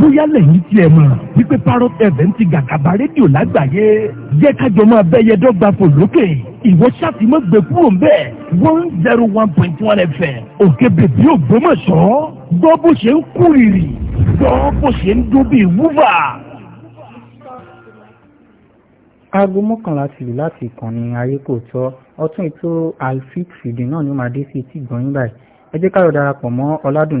bóyá lẹ́yìn tiẹ̀ mọ̀ wípé parrot fm ti gàgàbà rédíò lágbàáyé jẹ́ kájọ máa bẹ́yẹ dọ́gba fò lókè ìwọ ṣàtìmọ́ gbé kúrò ń bẹ́ẹ̀ one zero one point one fm òkè bèbí ògbómọ̀ṣọ́ gbọ́ bó ṣe ń kú rìrì gbọ́ bó ṣe ń dún bíi wúvà. aago mọ́kànlá ti lù láti ìkànnì ayé kò tọ́ ọtún ètò alfik fìdí náà ni ó máa dé sí etí ìgbọ̀nyìn báyìí ẹ jẹ́ ká lọ darapọ̀ mọ́ ọládùn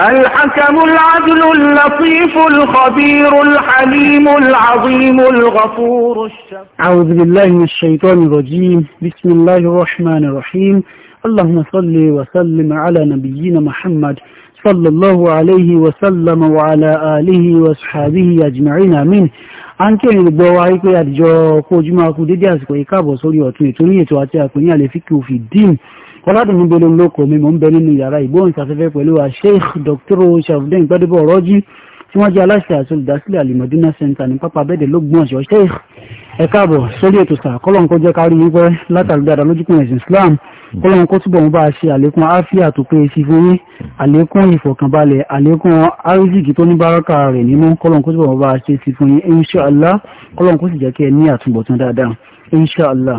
الحكم العدل اللطيف الخبير الحليم العظيم الغفور الشفور أعوذ بالله من الشيطان الرجيم بسم الله الرحمن الرحيم اللهم صل وسلم على نبينا محمد صلى الله عليه وسلم وعلى آله وصحبه أجمعين آمين a ń kéré gbogbo wa wípé àdìjọ kó ojúmọ́ akú dédé àsìkò ìkáàbọ̀ sórí ọ̀tún ètò ní ètò àti àkùnrin àlefíkì òfin dín fọládùn ní bẹ̀rẹ̀ lóko mi mò ń bẹ nínú yàrá ìgbóhùnsáfẹ́fẹ́ pẹ̀lú wa sheikh dr sharafdin gbadebo ọ̀rọ́jú tí wọ́n jẹ́ aláṣẹ àti olùdásílẹ̀ alimọ̀dínà center ní pápá abẹ́dẹ̀ lógún ọ̀ṣọ́ sheikh ẹ káàbọ̀ sórí ètò sà kọ́lọ́n kó jẹ́ kárí yín pẹ́ látàrí dáadáa lójúkùn ẹ̀sìn islam kọ́lọ́n kó túbọ̀ ń bá a ṣe àlékún áfíà tó pé sí fún yín àlékún ìfọ̀kànbalẹ̀ àlékún arizikì tó ní báràkà rẹ̀ nínú kọ́lọ́n kó túbọ̀ ń bá a ṣe sí fún yín inṣàlá kọ́lọ́n kó sì jẹ́ kí ẹ ní àtúbọ̀tán dáadáa inṣàlá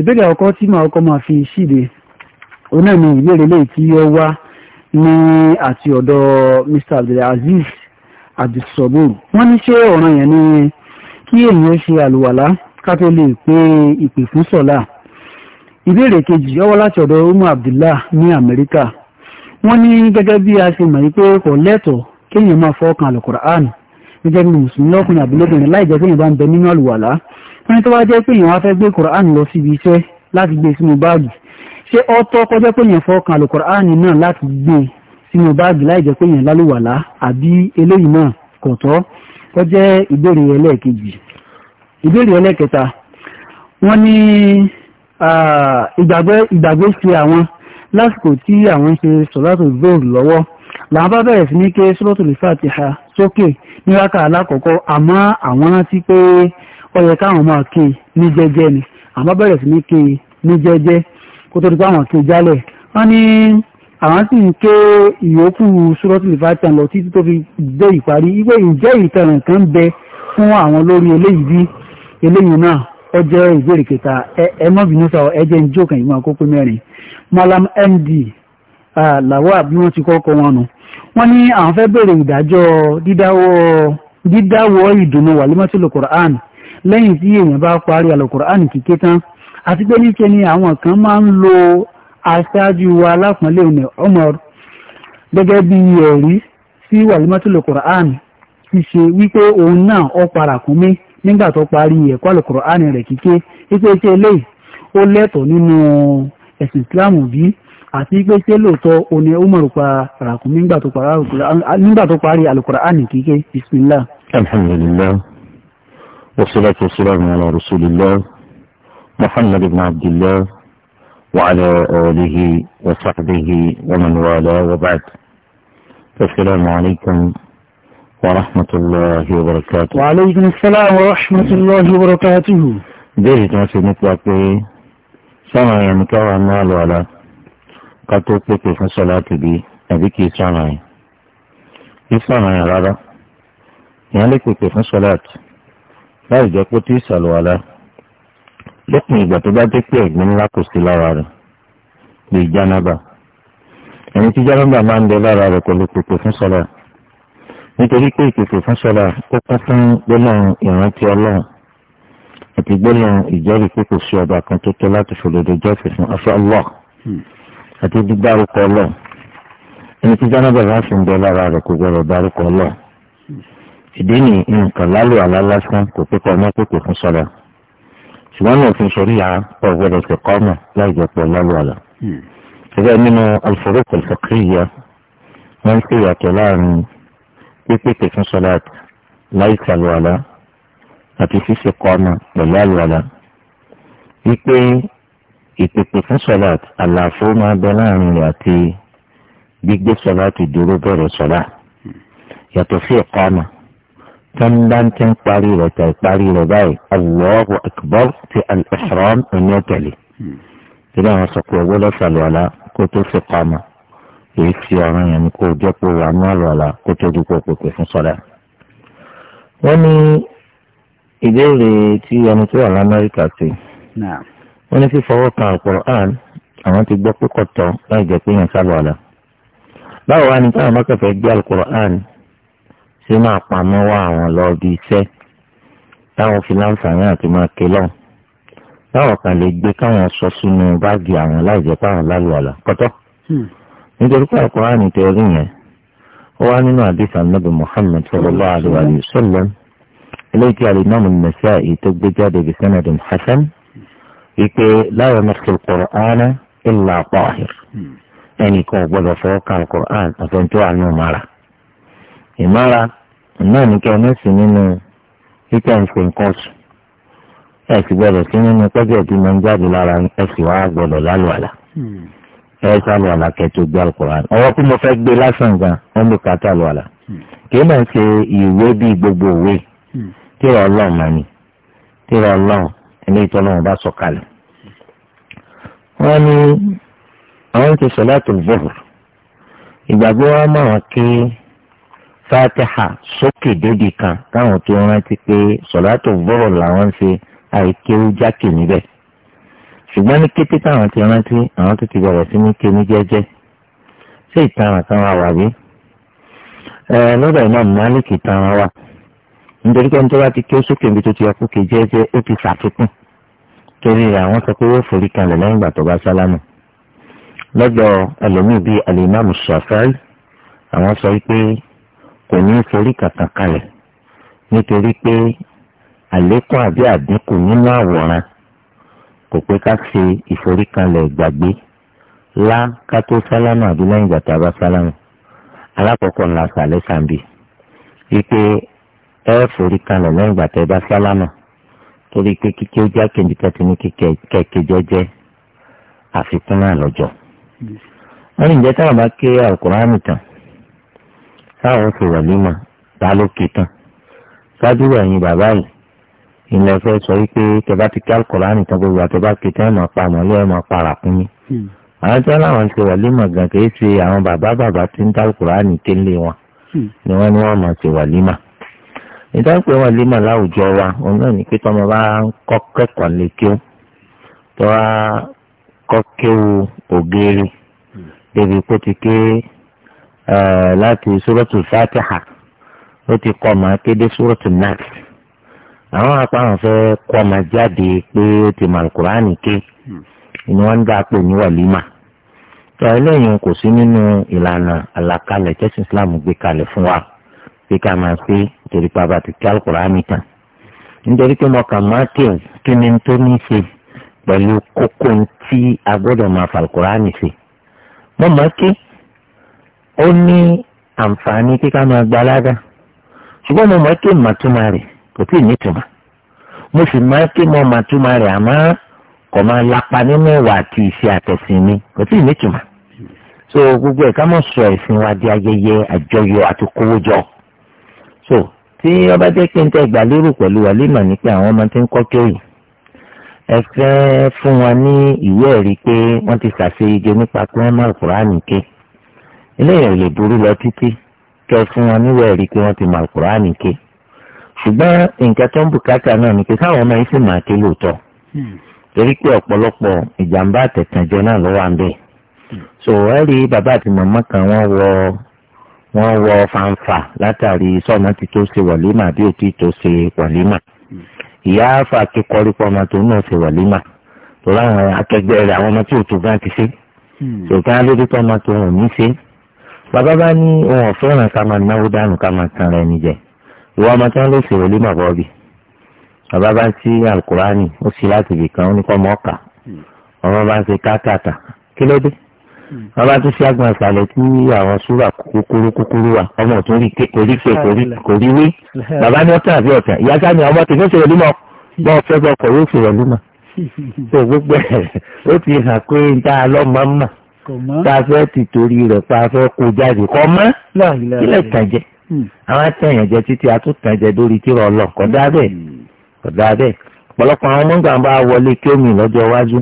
ìbéèrè àkọ́kọ́ tí màá kọ́ máa fi síde òun náà ni ìbéèrè lẹ́yìn tí ó wá ní àti ọ̀dọ̀ Mr Abdulaziz Abdulsabur wọ́n ní ṣé ọ̀ràn yẹn ni kí èèyàn ṣe àlùwàlá ká tó lè pé ìpè fún sọ̀lá ìbéèrè kejì ó láti ọ̀dọ̀ Umu Abdullah ní Amẹ́ríkà wọ́n ní gẹ́gẹ́ bí a ṣe mọ̀ yí pé kò lẹ́tọ̀ọ́ kéèyàn máa fọ́ọ̀kan àlùkùránì gẹ́gẹ́ bí mùsùlùmí lọ́kùnrin àbílẹ́bìnrin láì jẹ́ kéèyàn bá ń bẹ nínú àlùwàlá wọ́n ní tó wá jẹ́ kéèyàn wá fẹ́ gbé kùránì lọ síbi iṣẹ́ láti gbé e sínú báàgì ṣé ọtọ́ kọjá pé yẹn fọkàn àlùkùránì náà láti gbé sínú báàgì láì jẹ́ pé yẹn lálùwàlá àbí eléyìí náà kò tọ́ kó jẹ́ ìbéèrè ẹlẹ́ẹ̀kejì ìbéèrè ẹlẹ́ẹ̀kẹta wọ́n ní ìgbàgbé fi àwọn lásìkò tí àwọn ń ṣe sọ̀látò zoro lọ́wọ́ làwọn bá bẹ̀rẹ̀ sí ní ké sọ́lọ́tò lè fàtìhà sókè ní rákà alákọ̀ọ́kọ́ àwọn rántí pé ó káwọn máa ké ní jẹ́jẹ́ ni àwọn bá sí ní ké ní jẹ́jẹ́ kó tó di pé àwọn ké jálẹ̀ wọ́n ní àwọn sì ń ké ìyókù sùrọ́tìlì fàtà lọ títí tó fi dé ìparí wípé ìjẹ́ ìtẹ̀ràn kan bẹ fún àwọn lórí eléyìí bí eléyìí náà ó jẹ́ ìbéèrè kẹta ẹ mọ́ bínú sọ ẹ jẹ́ ń jókàn ìmọ̀ àkókò mẹ́rin malam md làwọ́ àbí wọ́n ti kọ́kọ́ wọn nù wọ́n ní àwọn fẹ́ bèèrè ìdájọ́ dídáwọ́ ìdùnnú wàlímọ́tìlù kùrán lẹ́yìn tí èèyàn bá parí àlùkùrán kíké tán àti pé níṣe ni àwọn kan máa ń lo aṣáájú wa alápọ̀nlé òní Umar gẹ́gẹ́ bí ẹ̀rí sí wàlúmọ́tòlò Qur'an ti ṣe wípé òun náà ọ para kún mi nígbà tó parí ẹ̀kọ́ àlò Qur'an rẹ̀ kíké wípé ṣe eléyìí ó lẹ́tọ̀ọ́ nínú ẹ̀sìn Islam bí àti pé ṣé lóòótọ́ òní Umar pa ràkún nígbà tó parí àlò Qur'an kíké bismillah. alhamdulillah wa salatu ala rasulillah. محمد بن عبد الله وعلى آله وصحبه ومن والاه وبعد السلام عليكم ورحمة الله وبركاته وعليكم السلام ورحمة الله وبركاته دیرت ماسی نتواق پہ سانا یا مکاو امال والا قطو پہ پہ خسلات بھی ابھی کی سانا ہے کی سانا ہے رادا یا لکو پہ خسلات بھائی جاکو تیس lópin ìgbà tó bá jẹ́ pé ẹ̀gbin ńlá kò sí lára rẹ̀ lè jánábà ẹni tí jánábà máa ń bẹ lára rẹ̀ pẹ̀lú pèpè fún sọ́lá nítorí pé ìpèpè fún sọ́lá ó kún fún gbólóhùn ìrántí ọlọ́run àti gbólóhùn ìjẹ́rìí pé kò sí ọba kan tó tó láti fòdodo jọ́sìn fún afẹ́ àti dídárúkọ ọlọ́run ẹni tí jánábà bá sì ń bẹ lára rẹ̀ kò gbọdọ̀ dárúkọ ọlọ́run ìdí nìyí nǹkan lálù àlá lásán kò pé kọ́ ọmọ pèpè fún sọ́lá ṣùgbọ́n náà òfin ṣorí ya pọ̀ gbọ́dọ̀ ṣe kọ́ mọ̀ láì jẹ́ pọ̀ lálùwàlà. ṣùgbọ́n nínú al-furuq al-fiqhiyya wọ́n ń pè yàtọ̀ láàrin pípètè fún sọ́láàtì láì ṣàlùwàlà àti ṣíṣe kọ́ mọ̀ pẹ̀lú àlùwàlà. wípé ìpèpè fún sọ́láàtì àlàfo máa bẹ láàrin rẹ̀ àti gbígbé sọ́láàtì dúró bẹ̀rẹ̀ sọ́láàtì yàtọ̀ sí ẹ̀kọ́ mọ̀ tọ́ńdá ti ń parí rẹ̀ tẹ̀ parí rẹ̀ báyìí Allahu akbar ti al-ihram ẹ̀mí ẹ̀tẹ̀lẹ̀. ìdí àwọn sọ pé owó lọ́sàlù ọ̀la kó tó fi pamọ́ èyí fi ọ̀ràn yẹn ni kó jẹ́ pé wà ní àlọ́ ọ̀la kó tó dúpọ̀ pèpè fún sọ́dá. wọ́n ní ìbéèrè tí ẹni tó wà lamẹ́ríkà sí. wọ́n ní fífọwọ́ kan Al-Qur'an àwọn ti gbọ́ pé kọ̀tọ̀ láì jẹ́ pé yẹn sálọ̀ báwo wá ni táwọn mọ́kànfẹ́ gbé Al-Qur'an sínú àpamọ́wọ́ àwọn lọ bí iṣẹ́ táwọn fi láǹfààní àti máa ké lọ́hùn táwọn kan lè gbé káwọn sọ sínú báàgì àwọn láì jẹ́ káwọn lálùwàlà kọ́tọ́ hmm. nítorí pé àkùránì tẹ orí yẹn ó wá nínú àdìsá nàbì Muhammad sallallahu alaihi wa sallam eléyìí tí alimami Nasa'i tó gbé jáde bí sanadin hasan wípé la yamassu al-Qur'ana illa tahir hmm. ẹnì kan ò gbọdọ̀ fọwọ́ kan ìmára náà ní kí ẹ mẹ́sìn nínú títà ìfẹ́ nǹkan oṣù ẹ sì gbọ́dọ̀ sí nínú pẹ́jọ́ tí mo ń jáde lára ẹ sì wá gbọ́dọ̀ lálùwàlà ẹ sálùwàlà kẹtù gbé alukóran ọwọ́ pé mo fẹ́ gbé lásán gan wọ́n lè kàtà lùwàlà kì í mọ̀ ṣe ìwé bíi gbogbo òwe tíra ọlọ́run mà ní tíra ọlọ́run ẹni ìtọ́lọ́run bá sọ kalẹ̀ wọ́n ní àwọn ti sọ láti vọ́ọ̀rù ìgbàgbọ́ wa máa kí fatiha sókè débi kan káwọn tó rántí pé sọ̀látò bọ́rọ̀ làwọn ń ṣe àìkéwú jákè níbẹ̀ ṣùgbọ́n ní kété táwọn ti rántí àwọn tó ti bẹ̀rẹ̀ sí ní ké ní jẹ́jẹ́ ṣé ìtara kan wà wà bí? ẹ lọ́dọ̀ Imam Malik ìtara wà nítorí pé nítorí ti ké sókè níbi tó ti ọkú ké jẹ́jẹ́ ó ti ṣàfikún torí àwọn sọ pé ó forí kalẹ̀ lẹ́yìn ìgbà tó bá sálámù lọ́dọ̀ ẹlòmíì bíi al kò ní forí kankan kalẹ̀ nítorí pé àlékún àbí àdínkù nínú àwòrán kò pé ká ṣe ìforíkanlẹ̀ ìgbàgbé lá ká tó sálámà àbí lẹ́yìn ìgbà tá a bá sálámà alákọ̀ọ́kọ́ ńlá sàlẹ̀ sàǹbì wípé ẹ foríkanlẹ̀ lẹ́yìn ìgbà tá a bá sálámà torí pé kíkẹ́ ó já kejì tó ní kẹ̀kẹ́ jẹ́jẹ́ àfikún náà lọ́jọ́. wọ́n ní ìjẹ́ táwọn bá ké àlùkùránì tán táwọn fi wàlímà ta ló ké tán ṣáájú ẹ̀yin bàbá yìí ilẹ̀ fẹ́ sọ wípé tẹ́bá ti ká Kùránì nìkan gbogbo àtẹ́bá ké tán ẹ̀ máa pa àmọ́lé ẹ̀ máa para kún mi. Hmm. àwọn tí wọ́n láwọn ti wàlímà gan kì í ṣe àwọn bàbá bàbá tí ń dá Kùránì ní kéle wọn ni wọ́n ní wọ́n máa ṣe wàlímà. ìdáǹpẹ̀ wàlímà láwùjọ wa òun náà ní pé tọ́ kọ́ kéwu láti sórọ́tù fatiha ó ti kọ́ máa kéde sórọ́tù nas àwọn apáhàn fẹ́ kọ́ máa jáde pé ó ti mọ alukur'ani ké ni wọ́n ń dá pé ní wàlímà tó ẹlẹ́yìn kò sí nínú ìlànà àlàkalẹ̀ tẹ́sán islam gbé kalẹ̀ fún wa pé ká máa pé torí pa bàtí kí alukur'ani tán nítorí pé mo kà máa kí kí ni tó ní ṣe pẹ̀lú kókó tí a gbọ́dọ̀ máa fa alukur'ani ṣe mo máa ké ó ní àǹfààní kíkà máa gba alága ṣùgbọ́n mo máa ké màtúmọ̀ rẹ̀ kò tí ì nítumọ̀ mo sì máa ké mọ màtúmọ̀ rẹ̀ àmọ́ kò máa lapa nínú ìwà àti ìṣe àtẹ̀sìn mi kò tí ì nítumọ̀ so gbogbo ẹ̀ ká mọ̀ sọ ẹ̀sìn wa di ayẹyẹ àjọyọ̀ àti kówójọ so tí ọba jẹ́ kí n tẹ́ ìgbàlérò pẹ̀lú wàlímà ní pé àwọn ọmọ tí ń kọ́ kéwì ẹ fẹ́ fún wọn ní ìwé ẹ̀rí pé wọ́n ti ṣàṣeyege nípa pé wọ́n máa kúránì ké eléyìí ò lè burú lọ títí kẹ fún wọn níwọ̀ ẹ̀rí pé wọ́n ti mọ àkùránì ké ṣùgbọ́n nǹkan tó ń bùkátà náà ni pé káwọn ọmọ yìí sì máa ké lóòótọ́ hmm. torí pé ọ̀pọ̀lọpọ̀ ìjàmbá àtẹ̀tẹ̀jọ náà ló wà ń bẹ̀ hmm. so ẹ rí bàbá àti màmá kan wọ́n wọ wọ́n wọ fanfa látàrí sọ́ọ̀mọ́ ti tó ṣe wọ̀límà àbí òtí tó ṣe wọ̀límà hmm. ìyá afa akẹ́kọ̀ọ́ rí pọ́ ọmọ tó náà ṣe wọ̀límà tó láwọn akẹgbẹ́ rẹ̀ àwọn ọmọ tí òtún gan ti ṣe ṣùgbọ́n alódé tó ọmọ tó hàn ní ṣe bàbá bá ní ohun ọ̀fẹ́ràn ká máa náwó dànù ká máa tan ara ẹni jẹ ìwọ ọmọ tí wọn lè ṣèrò lé màbọ bí bàbá bá ń sí alukurani ó sì láti ibì kan ó ní kọ́ mọ́ ọ̀kà ọmọ bá ń ṣe káàkàtà kí ló dé bàbá ṣe àgbọn àṣàlẹ̀ tí àwọn súrà kúkúrú kúkúrú wà ọmọ tó rí ké kórí ké kórí wé bàbá ní ọ̀tá àbí ọ̀tá ìyá sáà ni ọmọ tèmi ṣèrò lé mọ́ bọ́ ọ̀fẹ́ bọ́ ọkọ̀ yóò ṣèrò lé mọ́ tá a fẹ́ ti torí rẹ̀ pa a fẹ́ kó jáde kọ́ mọ́ kílẹ̀ tàn jẹ hmm. àwọn àtẹ̀yàn jẹ títí a tún tàn jẹ lórí kí rọ lọ kọ́ dáa hmm. bẹ́ẹ̀ kọ́ dáa bẹ́ẹ̀ ọ̀pọ̀lọpọ̀ àwọn ọmọ gbàǹbà wọlé kí omi lọ́jọ́ iwájú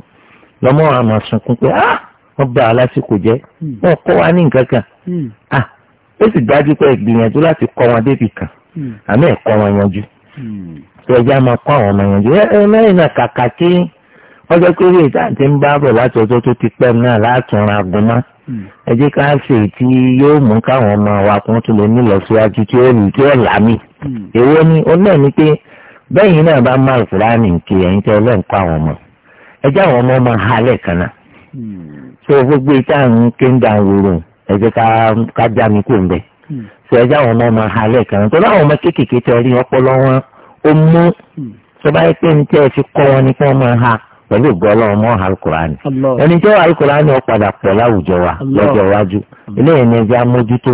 lọ́mọ àwọn àmọ̀ sunkún pé ah wọ́n bá a lásìkò jẹ́ hmm. wọ́n kọ́ wa ní nǹkan kan ah ó sì dájú pé ìgbìyànjú láti kọ́ wọn débi kan àmì ẹ̀kọ́ wọn yanjú tó ẹjẹ́ á máa kọ́ àwọn ọmọ yanjú ẹ ẹ náà kàkà kí wọ́n jẹ́ pé eré ìta ti ń bá bọ̀ láti ọjọ́ tó ti pẹ́ náà látúnra agunmá hmm. ẹ jẹ́ ká ṣe tí yóò mú káwọn ọmọ wa kún tó lè nílọsíwájú tí ó lù tí ó là mí hmm. èwo ni ó ni pé bẹ́yìn náà bá má ìfúlàní nkè ẹ̀yin tẹ́ ọlọ́run kọ́ àwọn ọmọ ẹ jẹ́ àwọn ọmọ máa halẹ̀ kan náà hmm. so gbogbo ìta ń kéńdà wòrò ẹ jẹ́ ká já mi kó ń bẹ̀ ẹ jẹ́ àwọn ọmọ máa halẹ̀ kan tó láwọn ọmọ kéékèèké tẹ rí pẹ̀lú ìgbọ́lọ́ ọmọ alukurani ẹni tó alukurani ó padà pọ̀ láwùjọ wa lọ́jọ́ iwájú eléyìí ni ẹja mójútó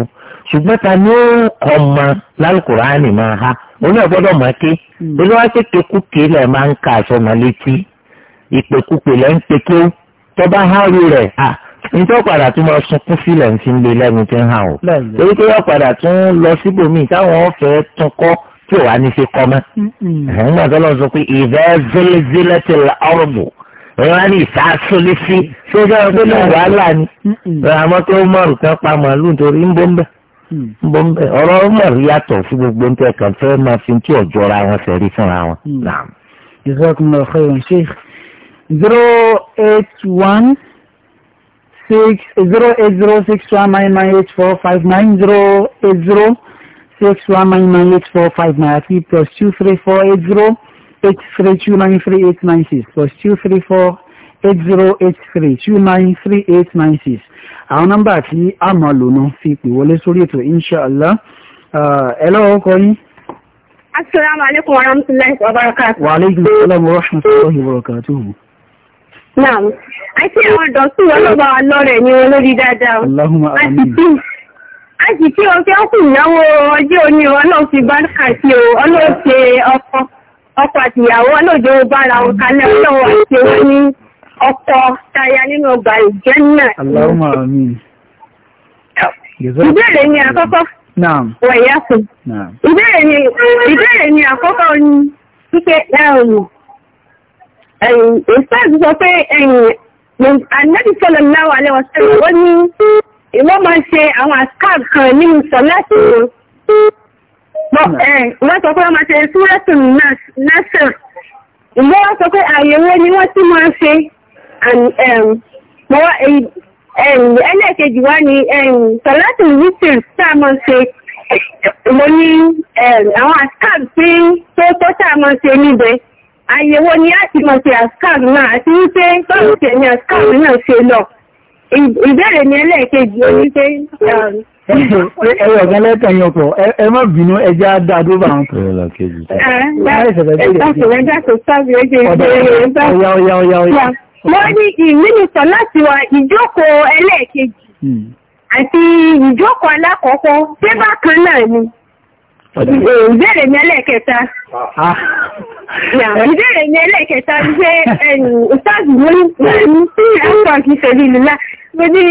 ṣùgbọ́n ta ni ó kọ́ ma lálukurani máa ha oní ọ̀gbọ́dọ̀ máa ké hmm. olúwa kéke kúkè lẹ̀ máa ń ka aṣọ máa létí ìpèkúpè lẹ́ ń peke tọ́ba hárí rẹ̀ à nítorí padà tún máa sunkún sílẹ̀ ń fi lé lẹ́nu tí ń hàn ó torí pé wọ́n tún lọ síbòmíì táwọn ọ̀fẹ́ tún kọ́ tí ò wá ní ṣe kọ́ mọ́. àwọn ọmọ ọ̀dọ́ lọ sọ pé ìfẹ́ zélezélẹ́ ti la ọ̀rọ̀ bò wọ́n wá ní ìfàsólé sí ṣéjọ́ ọdún náà wàhálà ni. àmọ́ tó mọ̀rù kan pa màálù nítorí ń bọ́ ń bẹ̀. Mm. ń bọ́ ń bẹ̀ ọ̀rọ̀ mọ̀rù yàtọ̀ sí gbogbo ń tẹ̀ kàn fẹ́ máa fi tí ọ̀jọ́ ra wọn sẹ̀rí fúnra wọn. Mm. jazakumullahu khairan six one nine nine eight four five nine three plus two three four eight zero eight three two nine three eight nine six plus two three four eight zero eight three two nine three eight nine six àwọn nọ́mbà tí a máa lò náà fi pè wọlé sórí ètò inṣàlá ẹ lọ́wọ́ kọ yín. asalaamu aleykum wa rahmatulahi wa barakatu. wa aleykum salaam wa rahmatulahi wa barakatu. naam àti àwọn dọ̀tí wọn ló bá wa lọ́rẹ̀ ni wọn lórí dáadáa. allahumma amiin a sì tí o ṣe kù ìnáwó ọjọ́ òní ọlọ́run fi bárkà sí o ọlọ́run ọkọ ọkọ àtìyàwó ọlọ́jọ́ bára wọn kalẹ̀ ọlọ́run àti wọn ní ọkọ táyà nínú ọgbà ìjẹ́nà. ìbéèrè ni àkọ́kọ́ wọ̀nyá fún ìbéèrè ni àkọ́kọ́ ni wípé ẹ̀yìn ìfẹ́ sọ pé ẹ̀yìn ànábìsọ̀lọ̀ náà wà lẹ́wọ̀n sẹ́yìn ó ní. ìwọ́n máa ń ṣe àwọn àṣkáàb kan nínú sọ̀láṣì wọn. wọ́n sọ pé wọ́n máa ṣe súrẹ́sùn násìr. ìgbọ́ sọ pé àyẹ̀wò ni wọ́n tún máa ń ṣe. Um, eh, um, ẹlẹ́ẹ̀kejì wá ni um, sọ̀láṣì wítìr tá a máa ń ṣe. mo ní àwọn àṣkáàb tí tó tó tá a máa ń ṣe níbẹ̀. àyẹ̀wò ni a ti máa ṣe àṣkáàb náà àti wípé báwo ṣe ni àṣkáàb náà ṣe lọ. ìbéèrè ni ẹlẹ́ẹ̀kejì o ní pé um, ẹwọ ọ̀gá lẹ́tọ̀ yẹn ọ̀pọ̀ ẹ má bínú ẹja dáadó bá wọn. mo ní ìmínísọ̀ láti wà ìjókòó ẹlẹ́ẹ̀kejì hmm. àti ìjókòó alákọ̀ọ́kọ́ pé bákan náà ni. Ìbéèrè mi ẹlẹ́ẹ̀kẹta. Ìbéèrè mi ẹlẹ́ẹ̀kẹta ń pé ìtàzì mú ní ẹ̀kọ́ kìí ṣe Mo ní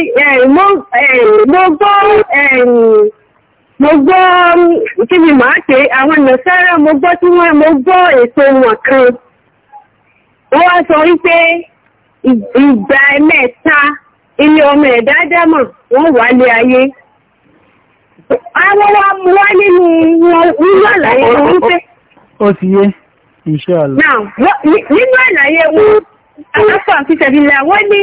mo gbọ́ kí ni màá ṣe àwọn ènìyàn sára mo gbọ́ tí wọ́n mo gbọ́ ètò wọn kan. Ó wá sọ wípé ìgbà mẹ́ta ilé ọmọ ẹ̀dá dámọ̀ wọ́n wà lé ayé. àwọn wa mú wá nínú àlàyé wọn pé. ó ti yé iṣẹ́ àlọ́. nínú àlàyé wọn aláfàá fi tẹ̀bílẹ̀ wọ́n ní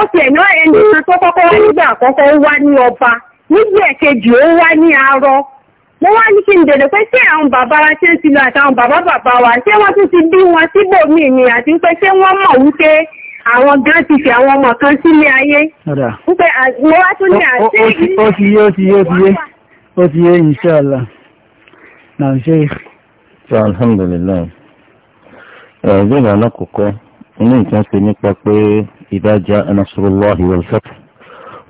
ó ti ẹ̀nà ẹni tó kọ́kọ́ wá nígbà àkọ́kọ́ wá ní ọba nígbà ẹ̀kejì ó wá ní arọ mo wá ní kí n dèrè pé ṣé àwọn bàbá wa ṣe ń ti lọ àtàwọn bàbá bàbá wa ṣé wọ́n tún ti bí wọn ni àti àwọn gán ti fi àwọn ọmọ kan sílé ayé wípé mo wá tún ní àti ó ti yé ó ti yé ó ti yé ó ti yé ìṣẹ́ọ̀lá náà ṣe ṣe alhamdulillah ẹ̀ẹ́dẹ́ ìlànà kọ̀kọ́ inú ìtàn ṣe nípa pé ìdájá anasurullahi walfat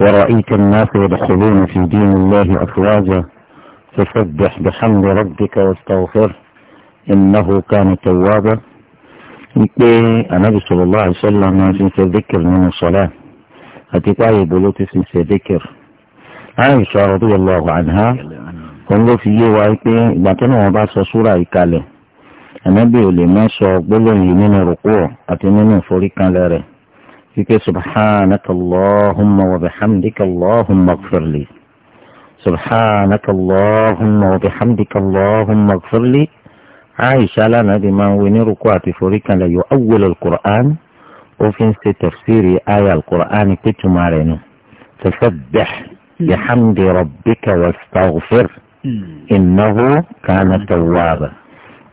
ورأيت الناس يدخلون في دين الله أفواجا فسبح بحمد ربك واستغفر إنه كان توابا wípé anabi sallallahu alaihi wasallam máa fi ń ṣe dékèrè nínú sọlá àti páyé ìbò ló ti fi ń ṣe dékèrè. Aisha radiyallahu anha òun ló fi yé wa pé ìgbà tó náà wọn bá sọ súrà yìí kalẹ̀ anabi ò lè má sọ gbólóhùn yìí nínú rúkú àti nínú ìforíkanlẹ̀ rẹ̀ wípé subhanakallahumma wa bihamdika allahumma subhanakallahumma wa bihamdika allahumma aisha alánàbí máa ń wí ní rúkú àti foríkanlẹ̀ yóò awwal al-Qur'an ó fi ń ṣe tafsiri aya al-Qur'an pé tuma rẹ̀ nù tasabbih hmm. bihamdi rabbika wastaghfir hmm. innahu kana tawwaba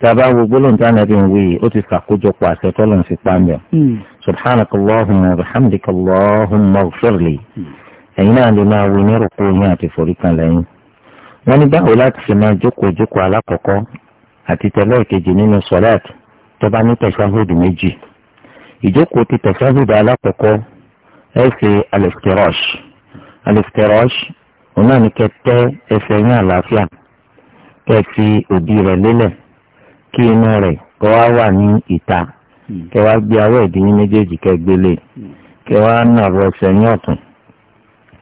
tàbá wo gbólóhùn tí ànábì ń wí ó ti ṣàkójọpọ̀ àṣẹ tọ́lọ̀ ń fi pàmì ọ́ subhanaka allahumma wa allahumma ighfirli hmm. ẹ̀yin náà lè máa wí ní rúkú yín àti foríkanlẹ̀ yín wọ́n ní báwo láti ṣe máa jókòó jókòó alákọ̀ọ́kọ́ àti tẹ̀lé kejì nínú sọ̀láàt tó bá ní tẹ̀sáhùdù méjì ìjókòó ti tẹ̀sáhùdù alákọ̀ọ́kọ́ ẹ ṣe alẹ́fitẹ́rọ́ṣ alẹ́fitẹ́rọ́ṣ òun náà ní kẹtẹ́ ẹsẹ̀ ní àlàáfíà kẹ́ fi òdì rẹ̀ lélẹ̀ kí inú rẹ̀ kọ́ wá wà ní ìta kẹ́ wá gbé awọ́ ìdí ní méjèèjì kẹ́ gbélé kẹ́ wá ní ọ̀tún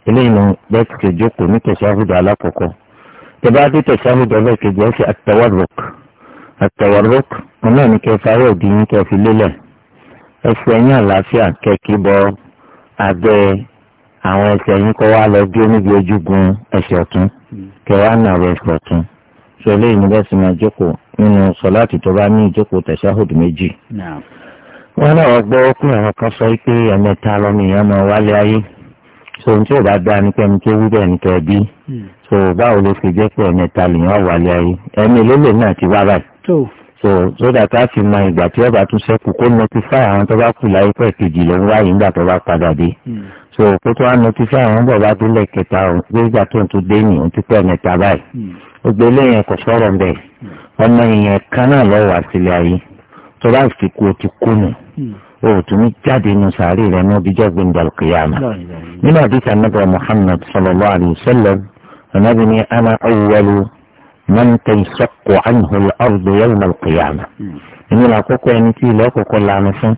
eléyìí ló bẹ́ẹ̀ ti jókòó ní tẹ̀sáhùdù alákọ̀ọ́kọ́ tẹ bá dé tẹ̀sáhùdù ọlọ́ọ̀kejì ẹ ṣe àtẹwádùk àtẹwọrọk ọmọ ẹni kẹfà yóò di yín kẹfì lélẹ̀ ẹsẹ̀ ẹ̀yìn àlàáfíà kẹkì bọ abẹ́ àwọn ẹsẹ̀ ẹ̀yìn kọ wá lọ bí oníbi ojúgun ẹsẹ̀ ọ̀tún kẹwàá náà rẹ ẹsẹ̀ ọ̀tún ṣe eléyìí níbẹ̀ sì máa jókòó nínú sọláàtì tó bá ní ìjókòó tẹ̀sáhùd méjì. wọn náà wọ́n gbọ́ pé àwọn kan sọ pé ẹ̀mẹ́ta lọ́mọ ìyá máa wálé ayé so n tí ò bá dáa ní pẹ́ẹ́ni tó wú ní kẹ́ẹ́ bí hmm. so báwo ló fi jẹ́ pé ẹ̀mẹ́ta lèèyàn wálé ayé ẹ̀mí lélẹ̀ náà ti wá báyìí so sódà ká fi mọ ìgbà tí ọba tún ṣẹ́kù kó notify àwọn tó bá kù láyé pẹ̀ kejì ló ń wáyé nígbà tó bá padà dé hmm. so kó tó wá notify àwọn bàbá délẹ̀ kẹta òun pé ìgbà tó ń tún dé ní òun ti pẹ́ mẹ́ta báyìí hmm. gbogbo eléyẹn kò sọ̀rọ̀ bẹ́ẹ̀ hmm. ọmọ ìyẹn kan náà lọ́wọ́ àtìlẹ̀ ayé tó bá fi kú o ti kú nù o tún ní jáde nù sàárè rẹ ní ọbíjọ́ gbẹ̀ndàlù kìyàmà man tanṣaqqu anhu al-ardu yawm al-qiyamah èmi là kọ́kọ́ ẹni tí ilẹ̀ kọ́kọ́ lanu fún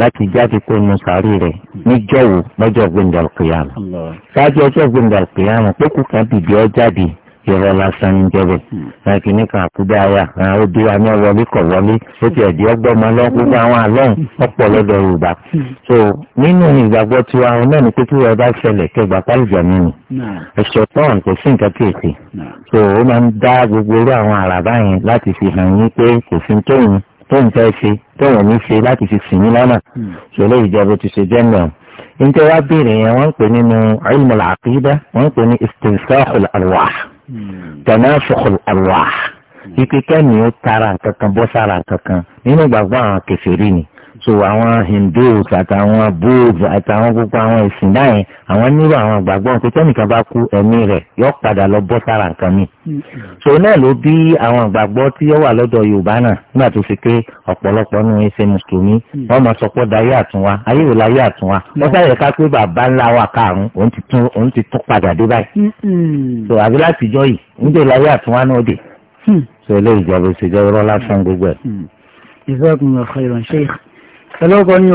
láti jáde kó nu sàárì rẹ̀ níjọ́ wo lọ́jọ́ gbẹ̀ndàlùkìyàmù ṣáájú ọjọ́ gbẹ̀ndàlùkìyàmù pé kúkan bìbí ọ jáde yọrọ lásán ní jẹbẹ náà kì ní kan àkúdá ayà àwọn ó dé wa ní ọwọlé kọ wọlé ó ti ẹdí ọgbọ́n ọmọ lọ gbogbo àwọn àlọhùn ọ̀pọ̀ lọ́dọ̀ Yorùbá so nínú ìgbàgbọ́ tiwa àwọn náà ní pé tí Yorùbá ṣẹlẹ̀ kẹgbà pálíjà nínú ẹ̀ṣọ́ pọ́n kò sí nǹkan tí so ó máa ń dá gbogbo irú àwọn àràbá yẹn láti fi hàn yín pé kò sí tóun tóun fẹ́ ṣe tóun ní ṣe láti fi sìn yín lọ́nà ṣòlẹ́ hmm. ìjọba ti ṣe jẹ́ mẹ́rin wá bèèrè yẹn wọ́n ń pè nínú ilmu al-aqida wọ́n ń pè ní istinsahu al-arwah tanasukul arwah ike kẹ́ni ó tara nǹkan kan bọ́ sára nǹkan kan nínú ìgbàgbọ́ àwọn kèfèrí ni so àwọn hindus àtàwọn boobs àtàwọn gbogbo àwọn ẹ̀sìn náà yẹn àwọn nílò àwọn àgbàgbọ́ pé tẹ́nìkan bá kú ẹ̀mí rẹ̀ yọ padà lọ bọ́ sára nǹkan mi. so náà ló bí àwọn àgbàgbọ́ tí ó wà lọ́dọ̀ yorùbá náà nígbà tó fi pé ọ̀pọ̀lọpọ̀ nínú ẹsẹ̀ mùsùlùmí wọ́n máa sọ pé dayé àtúnwá ayé wò láyé àtúnwá wọ́n sáré ká pé bàbá ńlá wa karùn òun ti tún padà dé báyìí. so àbí látijọ́ yìí níjẹ́ láyé àtúnwá hmm. so ilé ìjọba ìṣèjọba rọ́lá fún gbogbo ẹ̀. ìfẹ́ ọkùnrin ọ̀kọ́ ìrànṣẹ́ Hello, Goni.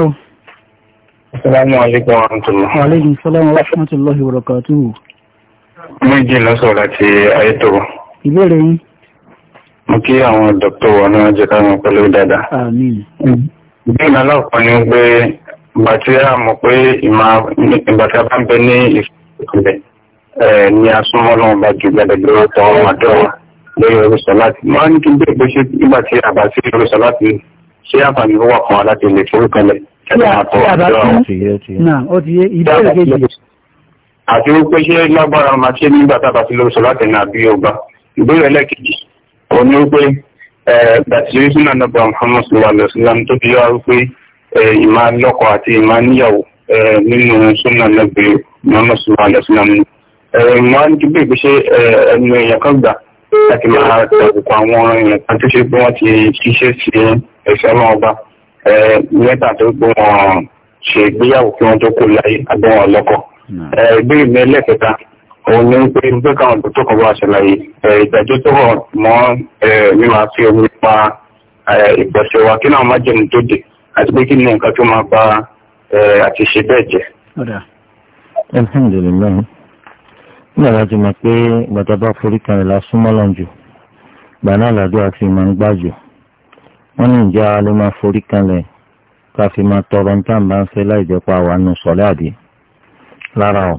Assalamu alaikum wa rahmatullahi. Wa alaikum salam wa rahmatullahi wa barakatuhu. Méjì lọ́sọ̀ láti Ayétò. Ìbéèrè yín. Mo kí àwọn dọ́kítọ̀ wọn náà jẹ́ ni pé ìgbà tí a mọ̀ pé ìgbà tí a bá ń bẹ ní ọmọdé wa lórí orí láti. Mo ní kí n bẹ̀rẹ̀ pé ṣé àbá sí orí láti ṣé àǹfààní ó wà fún wa láti lè forúkọlẹ̀ àti wípé ṣé lágbára máa ṣe nígbà tábà sí lóṣù láti nà bí ọgbà ìbéèrè ẹlẹ́kejì ó ní wípé gbàtíṣe sínú àdàbà Muhammad sallallahu alaihi wasallam tó fi yára wípé ìmá lọ́kọ àti ìmá níyàwó nínú sínú àdàbà Muhammad sallallahu alaihi wasallam wọn ní kíbi ìgbésẹ̀ ẹnu èèyàn kan gbà láti máa tàbùkù àwọn èèyàn kan tó ṣe pé wọ́n ti ṣiṣẹ́ sí ẹ̀ṣọ́ náà ọba mẹ́ta tó gbé wọn ṣe ìgbéyàwó kí wọ́n tó kó láyé àbẹ́wọn lọ́kọ. ìbéèrè mi ẹlẹ́kẹta òun ní pé nígbà káwọn tó kọ̀ bá ṣàlàyé ìdájọ́ tó hàn mọ́ mímọ́ sí omi pa ìpẹ̀sẹ̀ wa kí náà má jẹun tó dé àti pé kí ni nǹkan tó máa bá àti ṣe bẹ́ẹ̀ jẹ́. alhamdulilayi nígbà láti mọ̀ pé gbàtà bá forí kan ìlà súnmọ́ lọ́njù gbà náà làdó àti ìmọ̀ ń gbà jù wọ́n ní ìjà ló máa forí kanlẹ̀ ká fi máa tọrọ ní táǹbà ń fẹ́ láì jẹ́ pa wà nù sọ̀lẹ́ àbí lára ọ̀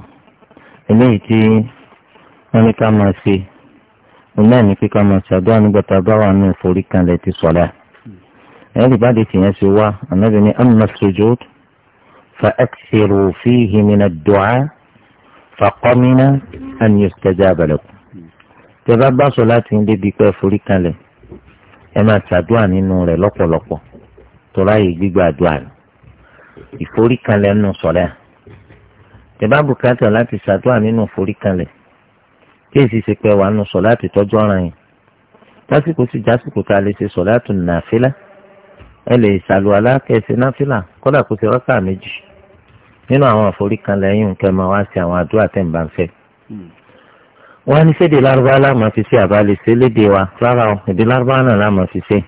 eléyìí tí wọ́n ní ká máa ṣe òun náà ní pé ká máa ṣàdúrà nígbà tá a bá wà nù forí kanlẹ̀ ti sọ̀lẹ́ ẹ̀rí ìbáde tìyẹn ṣe wá ànábì ní amma sujud fa'akthiru fihi min ad-du'a faqamina an yustajaba lakum tẹ bá bá sọ láti ń débi pé forí kanlẹ̀ ẹ máa tàdúà nínú rẹ̀ lọ́pọ̀lọpọ̀ tọ́lá yìí gbígbà àdúà ni ìforíkanlẹ̀ nù sọ̀rẹ́ à tẹ̀bá bùkátà láti ṣàdúà nínú ìforíkanlẹ̀ kí èsì ṣe pẹ́ wà nù sọ̀ láti tọ́jú ọ̀ràn yìí lásìkò sí jásìkò tá a lè ṣe sọ̀ látù nàfílà ẹ lè ṣàlùwàlá kẹsì náfílà kọ́dà kó ṣe rákà méjì nínú àwọn ìforíkanlẹ̀ yìí nǹkan máa wá sí àwọn àdúrà tẹ̀ ń bá ń fẹ́ wọ́n á ní sédè lárúbá láàmà fi ṣe àbálẹ̀ ṣe léde wa rárá o èdè lárúbá náà láàmà fi ṣe.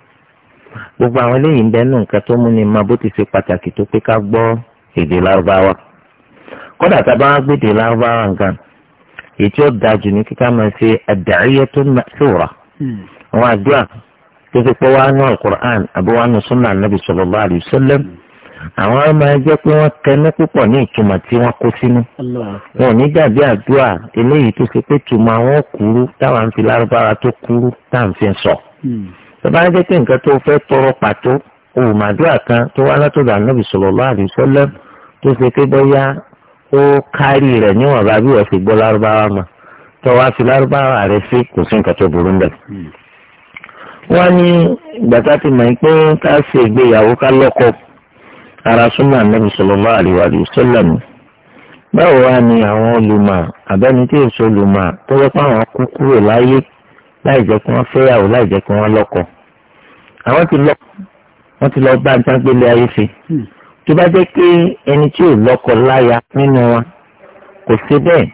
gbogbo àwọn eléyìí ń bẹ nù nǹkan tó mú ni máa bó ti ṣe pàtàkì tó pé ká gbọ́ èdè lárúbá wa. kódà tá a bá gbé èdè lárúbá wa nǹkan èyí ó da jù ní kíkà máa ṣe ad-da'iyatun ma'thura. Hmm. àwọn àdúrà tó ti pọ́ wá nù al àbí wá nù sunnah Nabi sallallahu alaihi àwọn á máa jẹ́ pé wọ́n tẹnu púpọ̀ ní ìtumọ̀ tí wọ́n kó sínú. wọn ò ní dàbí àdúrà eléyìí tó ṣe pé tùmọ̀ àwọn kúrú táwọn fi lárúbáwá tó kúrú táwọn fi ń sọ. Hmm. tó bá jẹ́ pé nǹkan tó fẹ́ tọrọ pàtó òmàdúrà kan tó wá látọ̀dọ̀ ànábì sallallahu alaihi wasallam tó ṣe pé bóyá ó kárí rẹ̀ níwọ̀n bá bí wọ́n fi gbọ́ lárúbáwá mọ́ tó wá fi lárúbáwá rẹ̀ hmm. wọ́n ní ìgbà ti mọ̀ pé ká ṣe ká lọ́kọ ara súnmọ́ ànábì sallallahu alaihi wa sallam báwo wá ni àwọn olùmọ̀ àbẹ́ni tí èso olùmọ̀ tó yẹ káwọn kú kúrò láyé láì jẹ́ kí wọ́n fẹ́yàwó láì jẹ́ kí wọ́n lọ́kọ àwọn ti lọ wọ́n ti lọ bá nǹkan gbélé ayé fi hmm. tó bá jẹ́ pé ẹni tí ò lọ́kọ láya nínú wọn kò ṣe bẹ́ẹ̀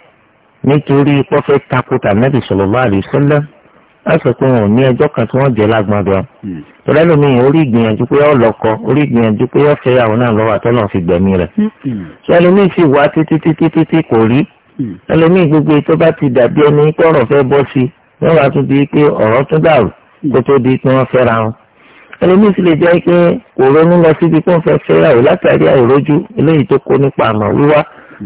nítorí pọ́fẹ́ takùtà ànábì sallallahu alaihi wa sallam láti sọ pé wọn ò ní ẹjọ́ kan tí wọ́n jẹ́ lágbọ́n hmm tọ́lẹ́lómi orí ìgbìyànjú pé ó lọ́kọ orí ìgbìyànjú pé ó fẹ́ àwọn náà lọ́wọ́ àtọ́nà fi gbẹ̀mí rẹ̀ tọ́lẹ́lómi hmm. sì wá títí títí títí kò rí tọ́lẹ́lómi hmm. gbogbo tó bá ti dàbí ẹni pé ọ̀rọ̀ fẹ́ bọ́ sí wọ́n wá tún di pé ọ̀rọ̀ tún dàrú hmm. kó tó di pé wọ́n fẹ́ra wọn tọ́lẹ́lómi sì lè jẹ́ pé kò ronú lọ síbi pé wọ́n fẹ́ fẹ́yàwó látàrí àìrójú eléyìí tó kó nípa àmọ̀ wíwá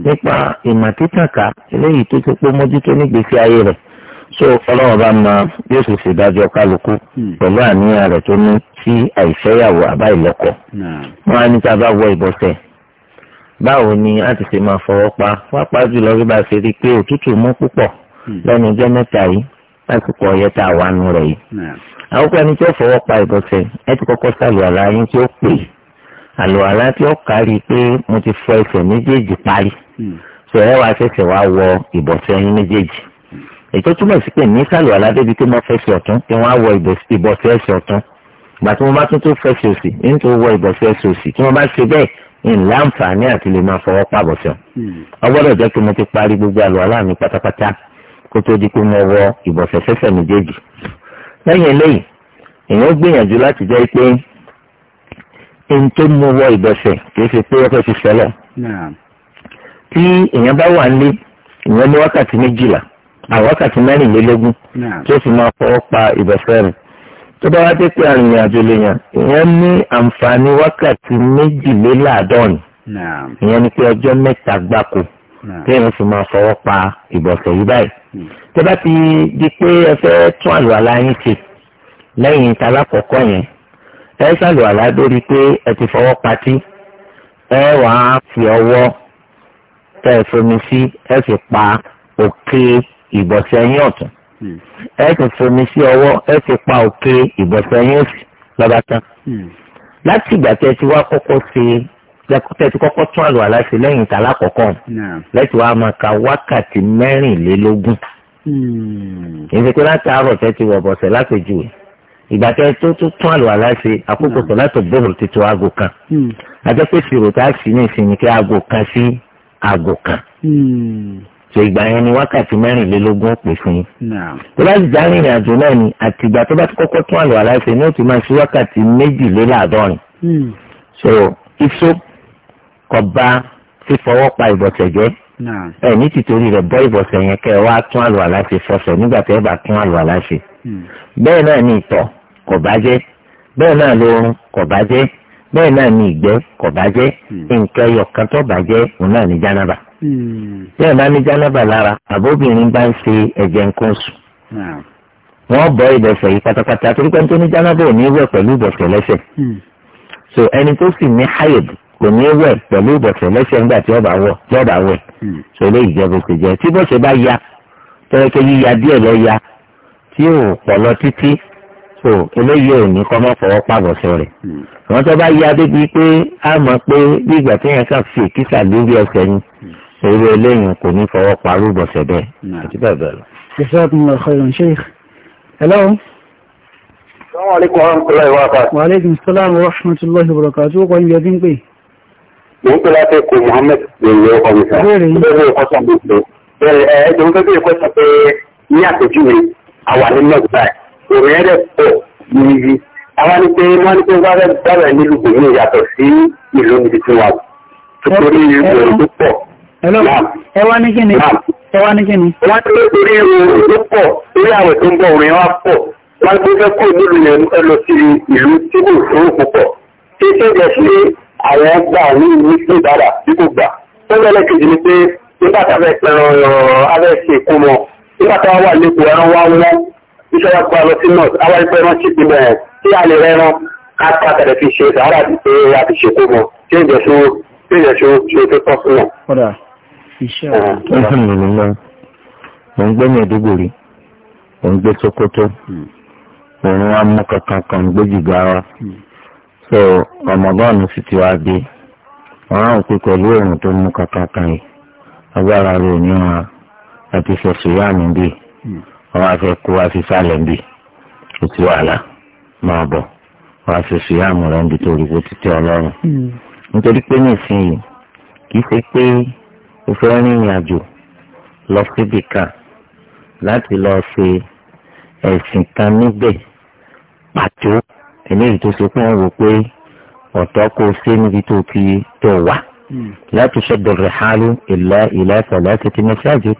nípa ìmọ̀ títàkà eléyìí tó ti pé mójútó nígbèésí ayé rẹ̀ so ọlọ́wọ́ bá ma yóò sì ṣèdájọ́ kálukú hmm. pẹ̀lú àníyàn rẹ̀ tó ní sí àìfẹ́yàwó àbá ìlọ́kọ. á ní tá a bá wọ ìbọ̀sẹ̀ báwo ni a ti ṣe máa fọwọ́ pa pápá jùlọ bí ba ṣe rí i pé òtútù mú púpọ̀ hmm. lẹ́nu ọjọ́ mẹ́ta yìí lásìkò ọyẹ́ tá a wà nù rẹ̀ yìí. àwòkọ́ ẹni tí ó fọwọ́ pa ìbọ̀sẹ̀ ẹ ti kọ́kọ́ sàlùwàlá yín tí ó pè àlùwàlá tí ó kárí pé mo ti fọ ẹsẹ̀ méjèèjì parí. Hmm. sọ ẹ ṣẹ̀ṣẹ̀ wá wọ ìbọ̀sẹ̀ yín méjèèjì ètò túmọ̀ sí pé nísàlẹ̀ aládébi pé mo fẹsẹ̀ ọ̀tún kí wọ́n á wọ ìbọ̀sẹ̀ ẹsẹ̀ ọ̀tún ìgbà tí mo bá tún tó fẹsẹ̀ òsì ní tó wọ ìbọ̀sẹ̀ ẹsẹ̀ òsì tí mo bá ṣe bẹ́ẹ̀ ńlá nfààní àti lè máa fọwọ́ pàbọ̀ sí ọ hmm. gbọ́dọ̀ jẹ́ kí mo ti parí gbogbo àlùwàlá mi pátápátá kó tó di pé mo wọ ìbọ̀sẹ̀ sẹ́sẹ̀ méjèèjì àwákàtí mẹ́rìnlélógún tí ó sì máa fọwọ́ pa ìbẹ̀fẹ́ rẹ̀ tó bá wá dé pé arìnrìn àjò lèèyàn ìyẹn ní àǹfààní wákàtí méjìléláàádọ́rin ìyẹn ni pé ọjọ́ mẹ́ta gbáko tí èèyàn sì máa fọwọ́ pa ìbọ̀sẹ̀ yìí báyìí hmm. tó bá ti di pé ẹ fẹ́ tún àlùwàlá yín ṣe lẹ́yìn ìta lákọ̀ọ́kọ́ yẹn ẹ ṣàlùwàlá dórí pé ẹ ti fọwọ́ patí ẹ wàá fi ọwọ́ tẹ̀ fomi sí ẹ sì pa òkè. Okay ìbọ̀sẹ̀ ẹ̀yìn ọ̀tún ẹ ti fomi sí ọwọ́ ẹ ti pa òkè ìbọ̀sẹ̀ ẹ̀yìn òsì lọ́ba tán láti ìgbà tẹ́ ti wá kọ́kọ́ ṣe tẹ́ ti kọ́kọ́ tún àlọ́ aláṣẹ lẹ́yìn ìta alákọ̀ọ́kọ́ lẹ́tì wá máa ka wákàtí mẹ́rìnlélógún ìfikún láti àárọ̀ tẹ́ ti wọ̀ bọ̀sẹ̀ lápèjúwe ìgbà tẹ tó tó tún àlọ́ aláṣẹ àkókò tó láti bọ́ọ̀lù títí aago kan àjẹpẹ́ ìṣirò tá a sì ní ìsinmi kí aago kan sí aago kan. Hmm so ìgbà yẹn ni wákàtí mẹ́rìnlélógún pè fún yín. tó bá sì já rìnrìn àjò náà ni àtìgbà tó bá ti kọ́kọ́ tún àlọ́ aláìsẹ̀ ni ó ti máa ṣe wákàtí méjìléláàádọ́rin. Hmm. so ifso kò bá fífọwọ́ pa ìbọ̀sẹ̀ jẹ́ ẹ ní tìtorí rẹ̀ bọ́ ìbọ̀sẹ̀ yẹn kẹ́ ẹ wá tún àlọ́ aláìsẹ̀ fọṣọ nígbà tẹ́ ẹ bá tún àlọ́ aláìsẹ̀. Hmm. bẹ́ẹ̀ náà ni ìtọ̀ kò bẹ́ẹ̀ náà lóorun kò bẹ́ẹ̀ náà ni ìgbẹ́ kò bàjẹ́ hmm. nǹkan ẹyọkan tó bàjẹ́ òun náà ní jánábà hmm. bí ẹ̀ bá ní jánábà lára àbóbìnrin bá ń ṣe ẹ̀jẹ̀ nǹkan sùn hmm. wọ́n bọ́ ìbọ̀sẹ̀ yìí pátápátá torí pé tó ní ò ní wẹ̀ pẹ̀lú ìbọ̀sẹ̀ lẹ́sẹ̀ so ẹni tó sì ní hayed kò ní wẹ̀ pẹ̀lú ìbọ̀sẹ̀ lẹ́sẹ̀ ńgbà tí ọba wọ̀ tí ọba wẹ̀ so ilé ìjọba kò jẹ́ tí bọ́sẹ̀ bá ya tọ́lẹ́kẹ́ yíya díẹ̀ lọ ya tí ò pọ̀ lọ títí so eléyìí ò ní kọ́ mọ́ fọwọ́ pàbọ̀sẹ̀ rẹ̀ àwọn tó bá yí adébí pé a mọ̀ pé bí ìgbà tí yẹn kàn fi kíkà lórí ọ̀sẹ̀ ni èrò eléyìn kò ní fọwọ́ parú bọ̀sẹ̀ bẹ́ẹ̀ àti bẹ́ẹ̀ bẹ́ẹ̀ lọ. jazakumullahu khairan sheikh. hello. Wa alaikum salaam wa rahmatullahi wa barakatuh. Ó kọ́ ibi ọdún pé. Mo ń pè láti kò Mohammed lèlè ọkọ̀ mi sọ. Bẹ́ẹ̀rẹ̀ yìí. Bẹ́ẹ̀rẹ̀ ìkọ́sọ̀ mi sọ. Bẹ́ẹ̀rẹ̀ ẹ̀ẹ́dùn tó bí ìkọ́sọ̀ pé ní àpèjúwe àwà ní North Bank. Òrìn ẹ̀rẹ̀ pọ̀ ní ibi àwọn ni pé wọ́n ní pé wọ́n fẹ́ bẹ̀rẹ̀ nílùú gbòmìnì yàtọ̀ sí ìlú níbi tí wọ́n torí ìròyìn tó pọ̀. ẹwà ní kí ni. ẹwà ní kí ni. wọ́n ti lé torí ìròyìn tó pọ̀ torí àwẹ̀ tó ń bọ̀ òrìn wá pọ̀ wọ́n ti fẹ́ kó nílùú yẹn ń lọ sí ìlú tí kò fún púpọ̀ tí tí ìjọ sí àwọn gbà ní ìlú tó dára tí kò gbà. ó lọ́lẹ̀ kejì ni pé nígbà táwọn ẹ̀rọ abẹ́ ṣe kú mọ́ nígbà táwọn wà lẹ́kọ̀ọ́ ẹran wá tí a lè rẹran kápá tẹ̀lẹ̀ fi ṣe sàárà pé a ti ṣe kó mọ̀ tí ó jẹ́ ṣó tí ó jẹ́ ṣó ṣe tó tọ́ fún wọn. mo ń gbé mẹ́ẹ̀dógòrí mo ń gbé Sókótó hmm. òun wa mú kankan kan gbé jìgá wa hmm. so ọmọbọ́ọ̀nù sì ti wá dé wọ́n á pè pẹ̀lú òun tó mú kankan kan yìí agbára rẹ̀ ní wọn àti fẹ̀sùn yá mi bì hmm. wọ́n á fẹ́ kó wá sí sálẹ̀ bì kò sí wàhálà máa bọ̀ wàá fi sùyàmù rẹ̀ níbi tó rí bó ti tẹ ọlọ́run hmm. nítorí pé nísìnyí kì í ṣe pé o fẹ́ rìnrìn àjò lọ síbì kan láti lọ ṣe ẹ̀sìn kan níbẹ̀ pàtó eléyìí tó ṣe pé wọ́n wò pé ọ̀tọ̀ kò ṣe níbi tó ti tó wà láti ṣẹ́dọ̀ rẹ̀ hálú ilẹ̀ ilẹ̀ ẹ̀fọ̀ láti ti mẹ́ṣáàjì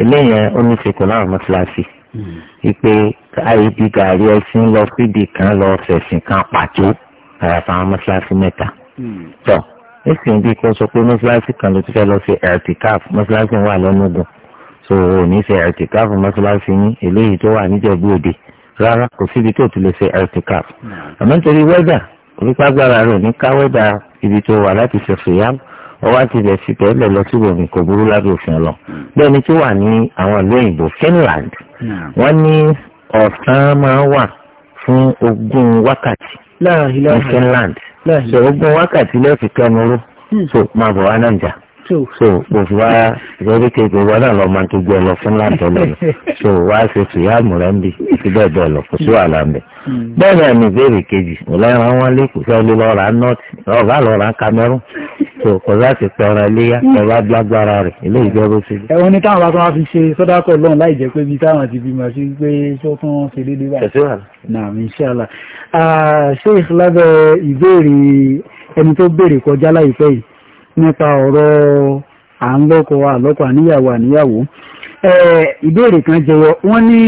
eléyìí ó ní ṣe pẹ̀lú àwọn mọ́tíláṣí hmm. wípé táyé bí gàrí ẹsìn lọ síbi kan lọ fẹ̀sìn kan pàtó àyàfà àwọn mọ́ṣáláṣí mẹ́ta. Hmm. tọ́ nísìnyí bí kò sọ pé mọ́ṣáláṣí kan ló ti fẹ́ lọ sí ẹ̀rtìkáf mọ́ṣáláṣí wà lọ́nùgùn so òní ṣe ẹ̀rtìkáf mọ́ṣáláṣí ní eléyìí tó wà níjẹ̀bú òde rárá kò síbi tó ti lè ṣe ẹ̀rtìkáf. Hmm. àmọ́ nítorí wẹ́dà onípàgbára rẹ̀ ní ká wẹ́dà ibi tó wà láti ṣe fìyàm ọwọ́ àti ibẹ̀ sí tẹ́lẹ̀ lọ sí ìbòmí kò burú lábẹ́ òfin ọlọ hmm. bẹ́ẹ̀ ni tó wà ní àwọn ìlú òyìnbó Finland wọ́n ní ọ̀sán máa wà fún ogún wákàtí ní Finland so ogún wákàtí lẹ́ẹ̀fì kẹnu ró hmm. so máa bọ̀ wá nàìjà so kò sí wá kejì wọn náà lọ́ọ́ máa Finland hmm. so wá ṣe tùyàmù rẹ̀ ń bẹ́ẹ̀ bẹ́ẹ̀ lọ kò sí wàhálà hmm. bẹ́ẹ̀ náà ní ìbéèrè kejì ọ̀la ra tó kò láti pẹran léyà pẹ̀lú hmm. agbára rẹ̀ eléyìí jẹ́ bó ṣe. ẹ̀wọ̀n ní táwọn bá tún wá fi ṣe sọ́dákọ̀ lọ́hùn láì jẹ́ pé bí táwọn ti bímọ sí pé ṣó tún ṣe déédéé báyìí. ẹ̀sìn wà. náà inshallah ṣé ìfúlábẹ̀ ìbéèrè ẹni tó béèrè kọjá láìpẹ́ yìí nípa ọ̀rọ̀ à ń lọ́kọ àlọ́kọ àníyàwó àníyàwó ìbéèrè kan jẹyọ wọ́n ní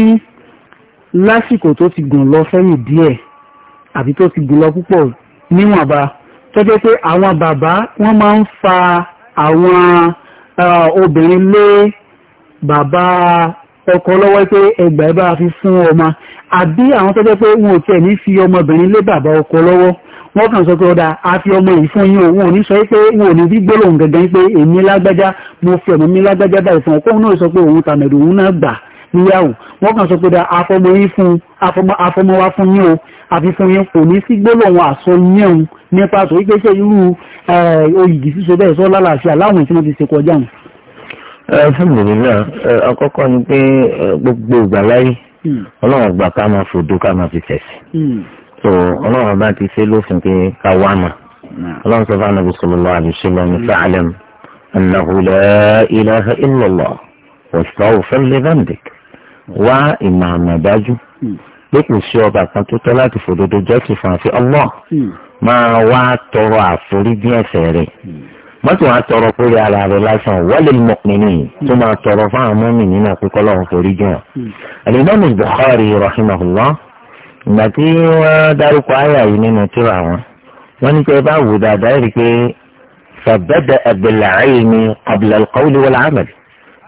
lásìkò tó ti gùn lọ sẹ́yìn díẹ̀ àbí tó ti gùn lọ púpọ̀ níwọ̀nba tó jẹ́ pé àwọn bàbá wọ́n máa ń fa àwọn obìnrin lé bàbá ọkọ lọ́wọ́ pé ẹgbà ẹ bá fi fún ọmọ àbí àwọn tó jẹ́ pé wọn ò tiẹ̀ ní fi ọmọbìnrin lé bàbá ọkọ lọ́wọ́ wọ́n kàn sọ pé ọ̀dà a fi ọmọ yìí fún yín òun ò ní sọ pé wọn ò ní bí gbólóhùn gangan pé èmi lágbájá mo fi ọmọ mi lágbájá báyìí fún ọkọ náà sọ pé òun tàmẹ̀dù òun náà gbà níyàwó wọ́n kàn sọ pé dá afọmọ yín fún afọmọ wa fún yín o àfi fún yín kò ní sí gbólóhùn àsọ yẹun nípa sọ wípé ṣe irú oyìgì sísọ bẹ́ẹ̀ sọ lálàáfíà láwọn tí wọ́n ti ṣe kọjá wọn. alhamdulillah àkọ́kọ́ ni pé gbogbo ìgbà láyé hmm. ọlọ́run gbà ká máa fòdó ká máa fi tẹ̀sí hmm. so ọlọ́run bá ti ṣe lófin pé ká wá mà ọlọ́run sọ fún anabi sallallahu alaihi wasallam hmm. fa'lam annahu la ilaha illallah wastaghfir li dhanbik wá ìmọ̀ àmọ̀ dájú hmm. pé kò sí ọba kan tó tọ́ láti fòdodo jẹ́ ti fàn fi Allah hmm. máa wá tọrọ àforíjì ẹ̀ṣẹ̀ rẹ̀ mọ́tò hmm. wá tọrọ pé ara rẹ̀ lásán wọlé mọ̀pínì tó máa tọrọ fún àwọn mọ́mì nínú àpékọ́ lọ́wọ́ forí jù wọn. Al-Imam Bukhari ìgbà tí wọ́n dárúkọ àyà yìí nínú tírà wọn wọ́n ní pé bá dáadáa rí i pé fa bada'a bil-'ilmi qabla al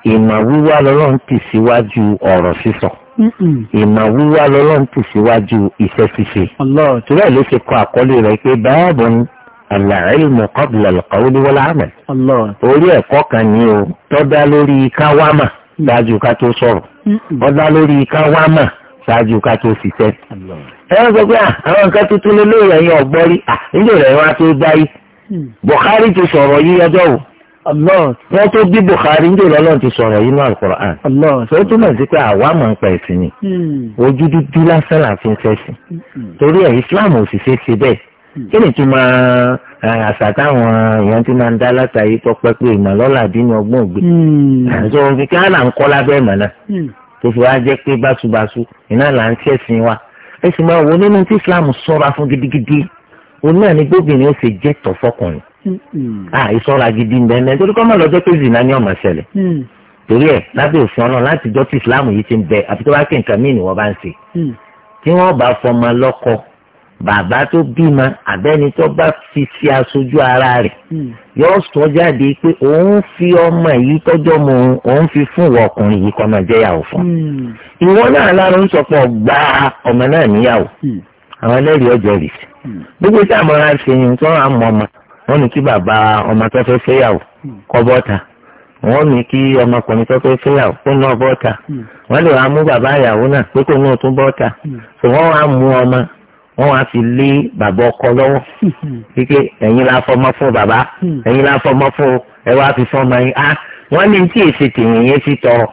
ìmọ̀ wíwá lọ́lọ́run tì síwájú ọ̀rọ̀ sísọ ìmọ̀ wíwá lọ́lọ́run tì síwájú iṣẹ́ ṣíṣe tura ló ṣe kọ àkọlé rẹ̀ pé báàbò ni al-ilmu qabla al-qawli wal-amal orí ẹ̀kọ́ kan ni o tọ́dá lórí káwámà ṣáájú ká tó sọ̀rọ̀ tọ́dá lórí káwámà ṣáájú ká tó ṣiṣẹ́ ẹ wọ́n sọ pé ah, àwọn nǹkan tuntun lé lóòrè yẹn ọ̀gbọ́rí níjọ́ rẹ̀ wọ́n wọ́n tó bí Bukhari ń jòlọ́ lọ́n ti sọ̀rọ̀ yìí náà Al-Qur'an tó túmọ̀ sí pé àwa máa ń pa ẹ̀sìn ni hmm. ojú dúdú lásán là fi ń fẹ́sìn hmm. torí ẹ̀ Islam ò sì ṣe ṣe bẹ́ẹ̀ hmm. kí ni tí máa àṣà táwọn èèyàn ti máa ń dá látàrí tọpẹ́ pé ìmọ̀lọ́lá dín ní ọgbọ́n ògbé àti ohun fi káàlà ń kọ́ lábẹ́ ìmọ̀ náà tó fi wá jẹ́ pé báṣubàṣu iná là ń ṣẹ̀sìn wa ẹ sì máa wo nínú tí Islam sọ́ra fún gidigidi òun Hmm. Ah, ìsọra gidi ń bẹ́ẹ̀ nítorí kọ́ mọ̀ lọ́jọ́ pé zina ni ọmọ ṣẹlẹ̀ hmm. torí ẹ̀ lábẹ́ òfin ọlọ́run láti jọ́ tí islam yìí ti ń bẹ àfi tó bá kí nǹkan míì ni wọ́n bá ń ṣe hmm. tí wọ́n bá fọmọ lọ́kọ bàbá tó bímọ àbẹ́ni tó bá fi ṣe aṣojú ara rẹ̀ yóò sọ jáde pé òun fi ọmọ yìí tọ́jọ́ mu òun fi fún ìwọ ọkùnrin yìí kọ́ máa jẹ́yàwó fún ìwọ náà lára ń sọ pé ọgbà ọmọ náà níyàwó àwọn ẹlẹ́rìí ọjọ́ rì gbogbo tí àmọ́ra ṣe yìí tó ń mọ ọmọ wọ́n ní kí bàbá ọmọ tó fẹ́ fẹ́yàwó hmm. kọ́ bọ́ta wọ́n ní kí ọmọkùnrin tó fẹ́ fẹ́yàwó kó náà bọ́ta hmm. wọ́n lè wá mú bàbá ìyàwó náà pé kó náà tún bọ́ta tó hmm. wọ́n wá mú ọmọ wọ́n wá fi lé bàbá ọkọ lọ́wọ́ wípé ẹ̀yin la fọmọ fún bàbá ẹ̀yin la fọmọ fún ẹ wá fi fọmọ yín á ah, wọ́n ní tí èsì tèèyàn yẹn ti tọrọ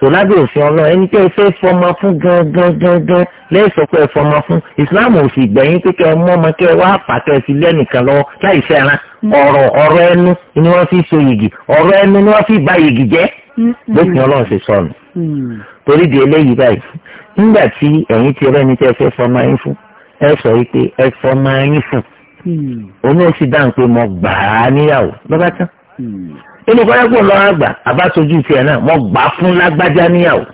sọlábì òfin ọlọ́run ẹni tẹ́ ẹ fẹ́ fọmọ fún gangan gangan lẹ́sọ̀ pé ẹ fọmọ fún islam ò sì gbẹ̀yìn pé kẹ́ ẹ mú ọmọ kẹ́ ẹ wá pàtẹ́ sí lẹ́nìkan lọ́wọ́ láì fẹ́ràn mm. ọ̀rọ̀ ọ̀rọ̀ ẹnu ni wọ́n fi so yìgì ọ̀rọ̀ ẹnu ni wọ́n fi ba yìgì jẹ́ lófin ọlọ́run ṣe sọnù mm. torí di eléyìí báyìí nígbà tí ẹ̀yin ti rẹ́ni tẹ́ ẹ fẹ́ fọmọ yín fún ẹ sọ wípé ẹ fọmọ yín fún mm. òun ó sì dáhùn pé mo gbà á níyàwó lọ́bàtán inú kọ́lẹ́kùn lọ́wọ́ àgbà àbáṣojú tiẹ̀ náà mo gbà fún lágbájá níyàwó.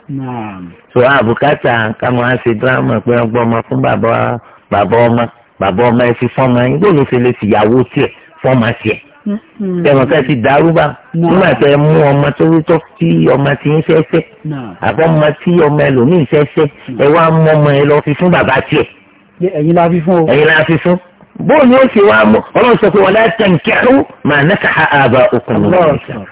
sọ àbùkátà káwọn á ṣe dírámà pé wọ́n gbọ́ ọmọ fún bàbá bàbá ọmọ bàbá ọmọ ẹ fi fọ́mọ yín gbọ́dọ̀ ṣe lè fìyàwó tiẹ̀ fọ́mọ tiẹ̀. Mm-hmm. tẹ̀wọ̀n ká ti dàrúbà nígbà tẹ mú ọmọ tó tó tí ọmọ ti ń fẹ́fẹ́ àbọ̀ ọmọ tí ọmọ ẹlòmíì fẹ́fẹ́ ẹ wá mú ọmọ ẹ lọ fi fún bàbá tiẹ̀ bóun ni ó sì wá mú ọlọ́run sọ pé wọn láti tẹ̀ ń kẹ́rù màá náà ká àbá okùn ní ọ̀sán.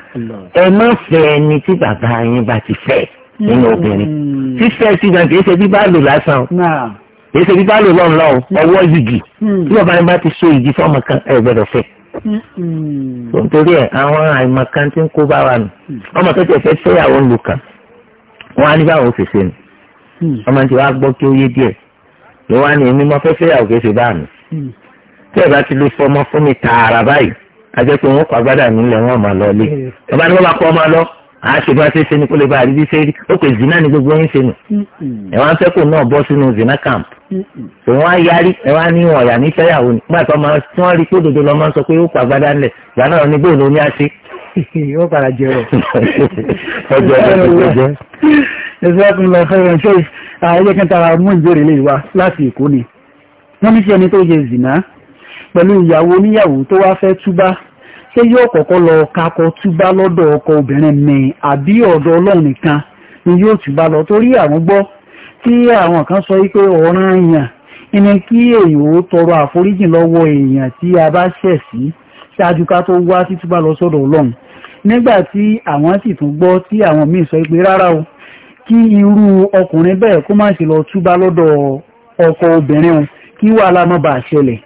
ẹ má fẹ́ ẹni tí bàbá yín bá ti fẹ́ nínú hmm. obìnrin fífẹ́ sí gan kì í ṣe bí bá lò lásán kì í ṣe bí bá lò lọ́n lọ́n hmm. ọwọ́ yìgì hmm. tí bàbá yín bá ti so ìdí fọ́ọ̀mù kan ẹ gbọ́dọ̀ fẹ́. nítorí ẹ àwọn àìmọ̀ kan ti ń kó bá wa nù ọmọ tó tẹ̀ fẹ́ fẹ́yàwó ń lu kan wọn á ní báwọn ò tẹ́ ẹ̀ bá ti lè fọmọ fún mi tààrà báyìí ajẹ́ pé wọ́n kọ́ agbádà nílẹ̀ wọn mà lọ lé bàbá ni wọ́n bá kọ́ ọmọ lọ àṣẹ bá ṣe ṣe ni kó lè bá àríbí ṣe rí ó pè zina ni gbogbo yín ṣe nù ẹ wá ń fẹ́ kó náà bọ́ sínú zina camp tó wọ́n yarí ẹ wá ní ọ̀yà ní fẹ́yàwó ni nígbà tó máa tí wọ́n rí pé òdodo lọ́ máa ń sọ pé ó pa agbádá ńlẹ̀ ìgbà náà ní bóun ló ní àṣẹ. ó padà jẹ ọ. ọjọ́ ọjọ́ tó jẹ́. ẹ sọ́ọ́ tún lọ fẹ́ràn ṣé ẹ pẹ̀lú ìyàwó oníyàwó tó wá fẹ́ túbá ṣé yóò kọ́kọ́ lọ kakọ túbá lọ́dọ̀ ọkọ obìnrin mi àbí ọ̀dọ̀ ọlọ́run nìkan ni yóò túbá lọ torí àwọn gbọ́ tí àwọn kan sọ wípé ọ̀ràn èèyàn ẹni kí èèyàn ó tọrọ àforíjì lọ́wọ́ èèyàn tí a bá ṣẹ̀ sí ṣáájú ká tó wá títúbá lọ sọ́dọ̀ ọlọ́run nígbà tí àwọn sì tún gbọ́ tí àwọn míì sọ pé rárá o kí irú ọkùnrin bẹ́ẹ̀ kó má sì lọ túbá lọ́dọ̀ ọkọ obìnrin kí wàhálà má bàa ṣẹlẹ̀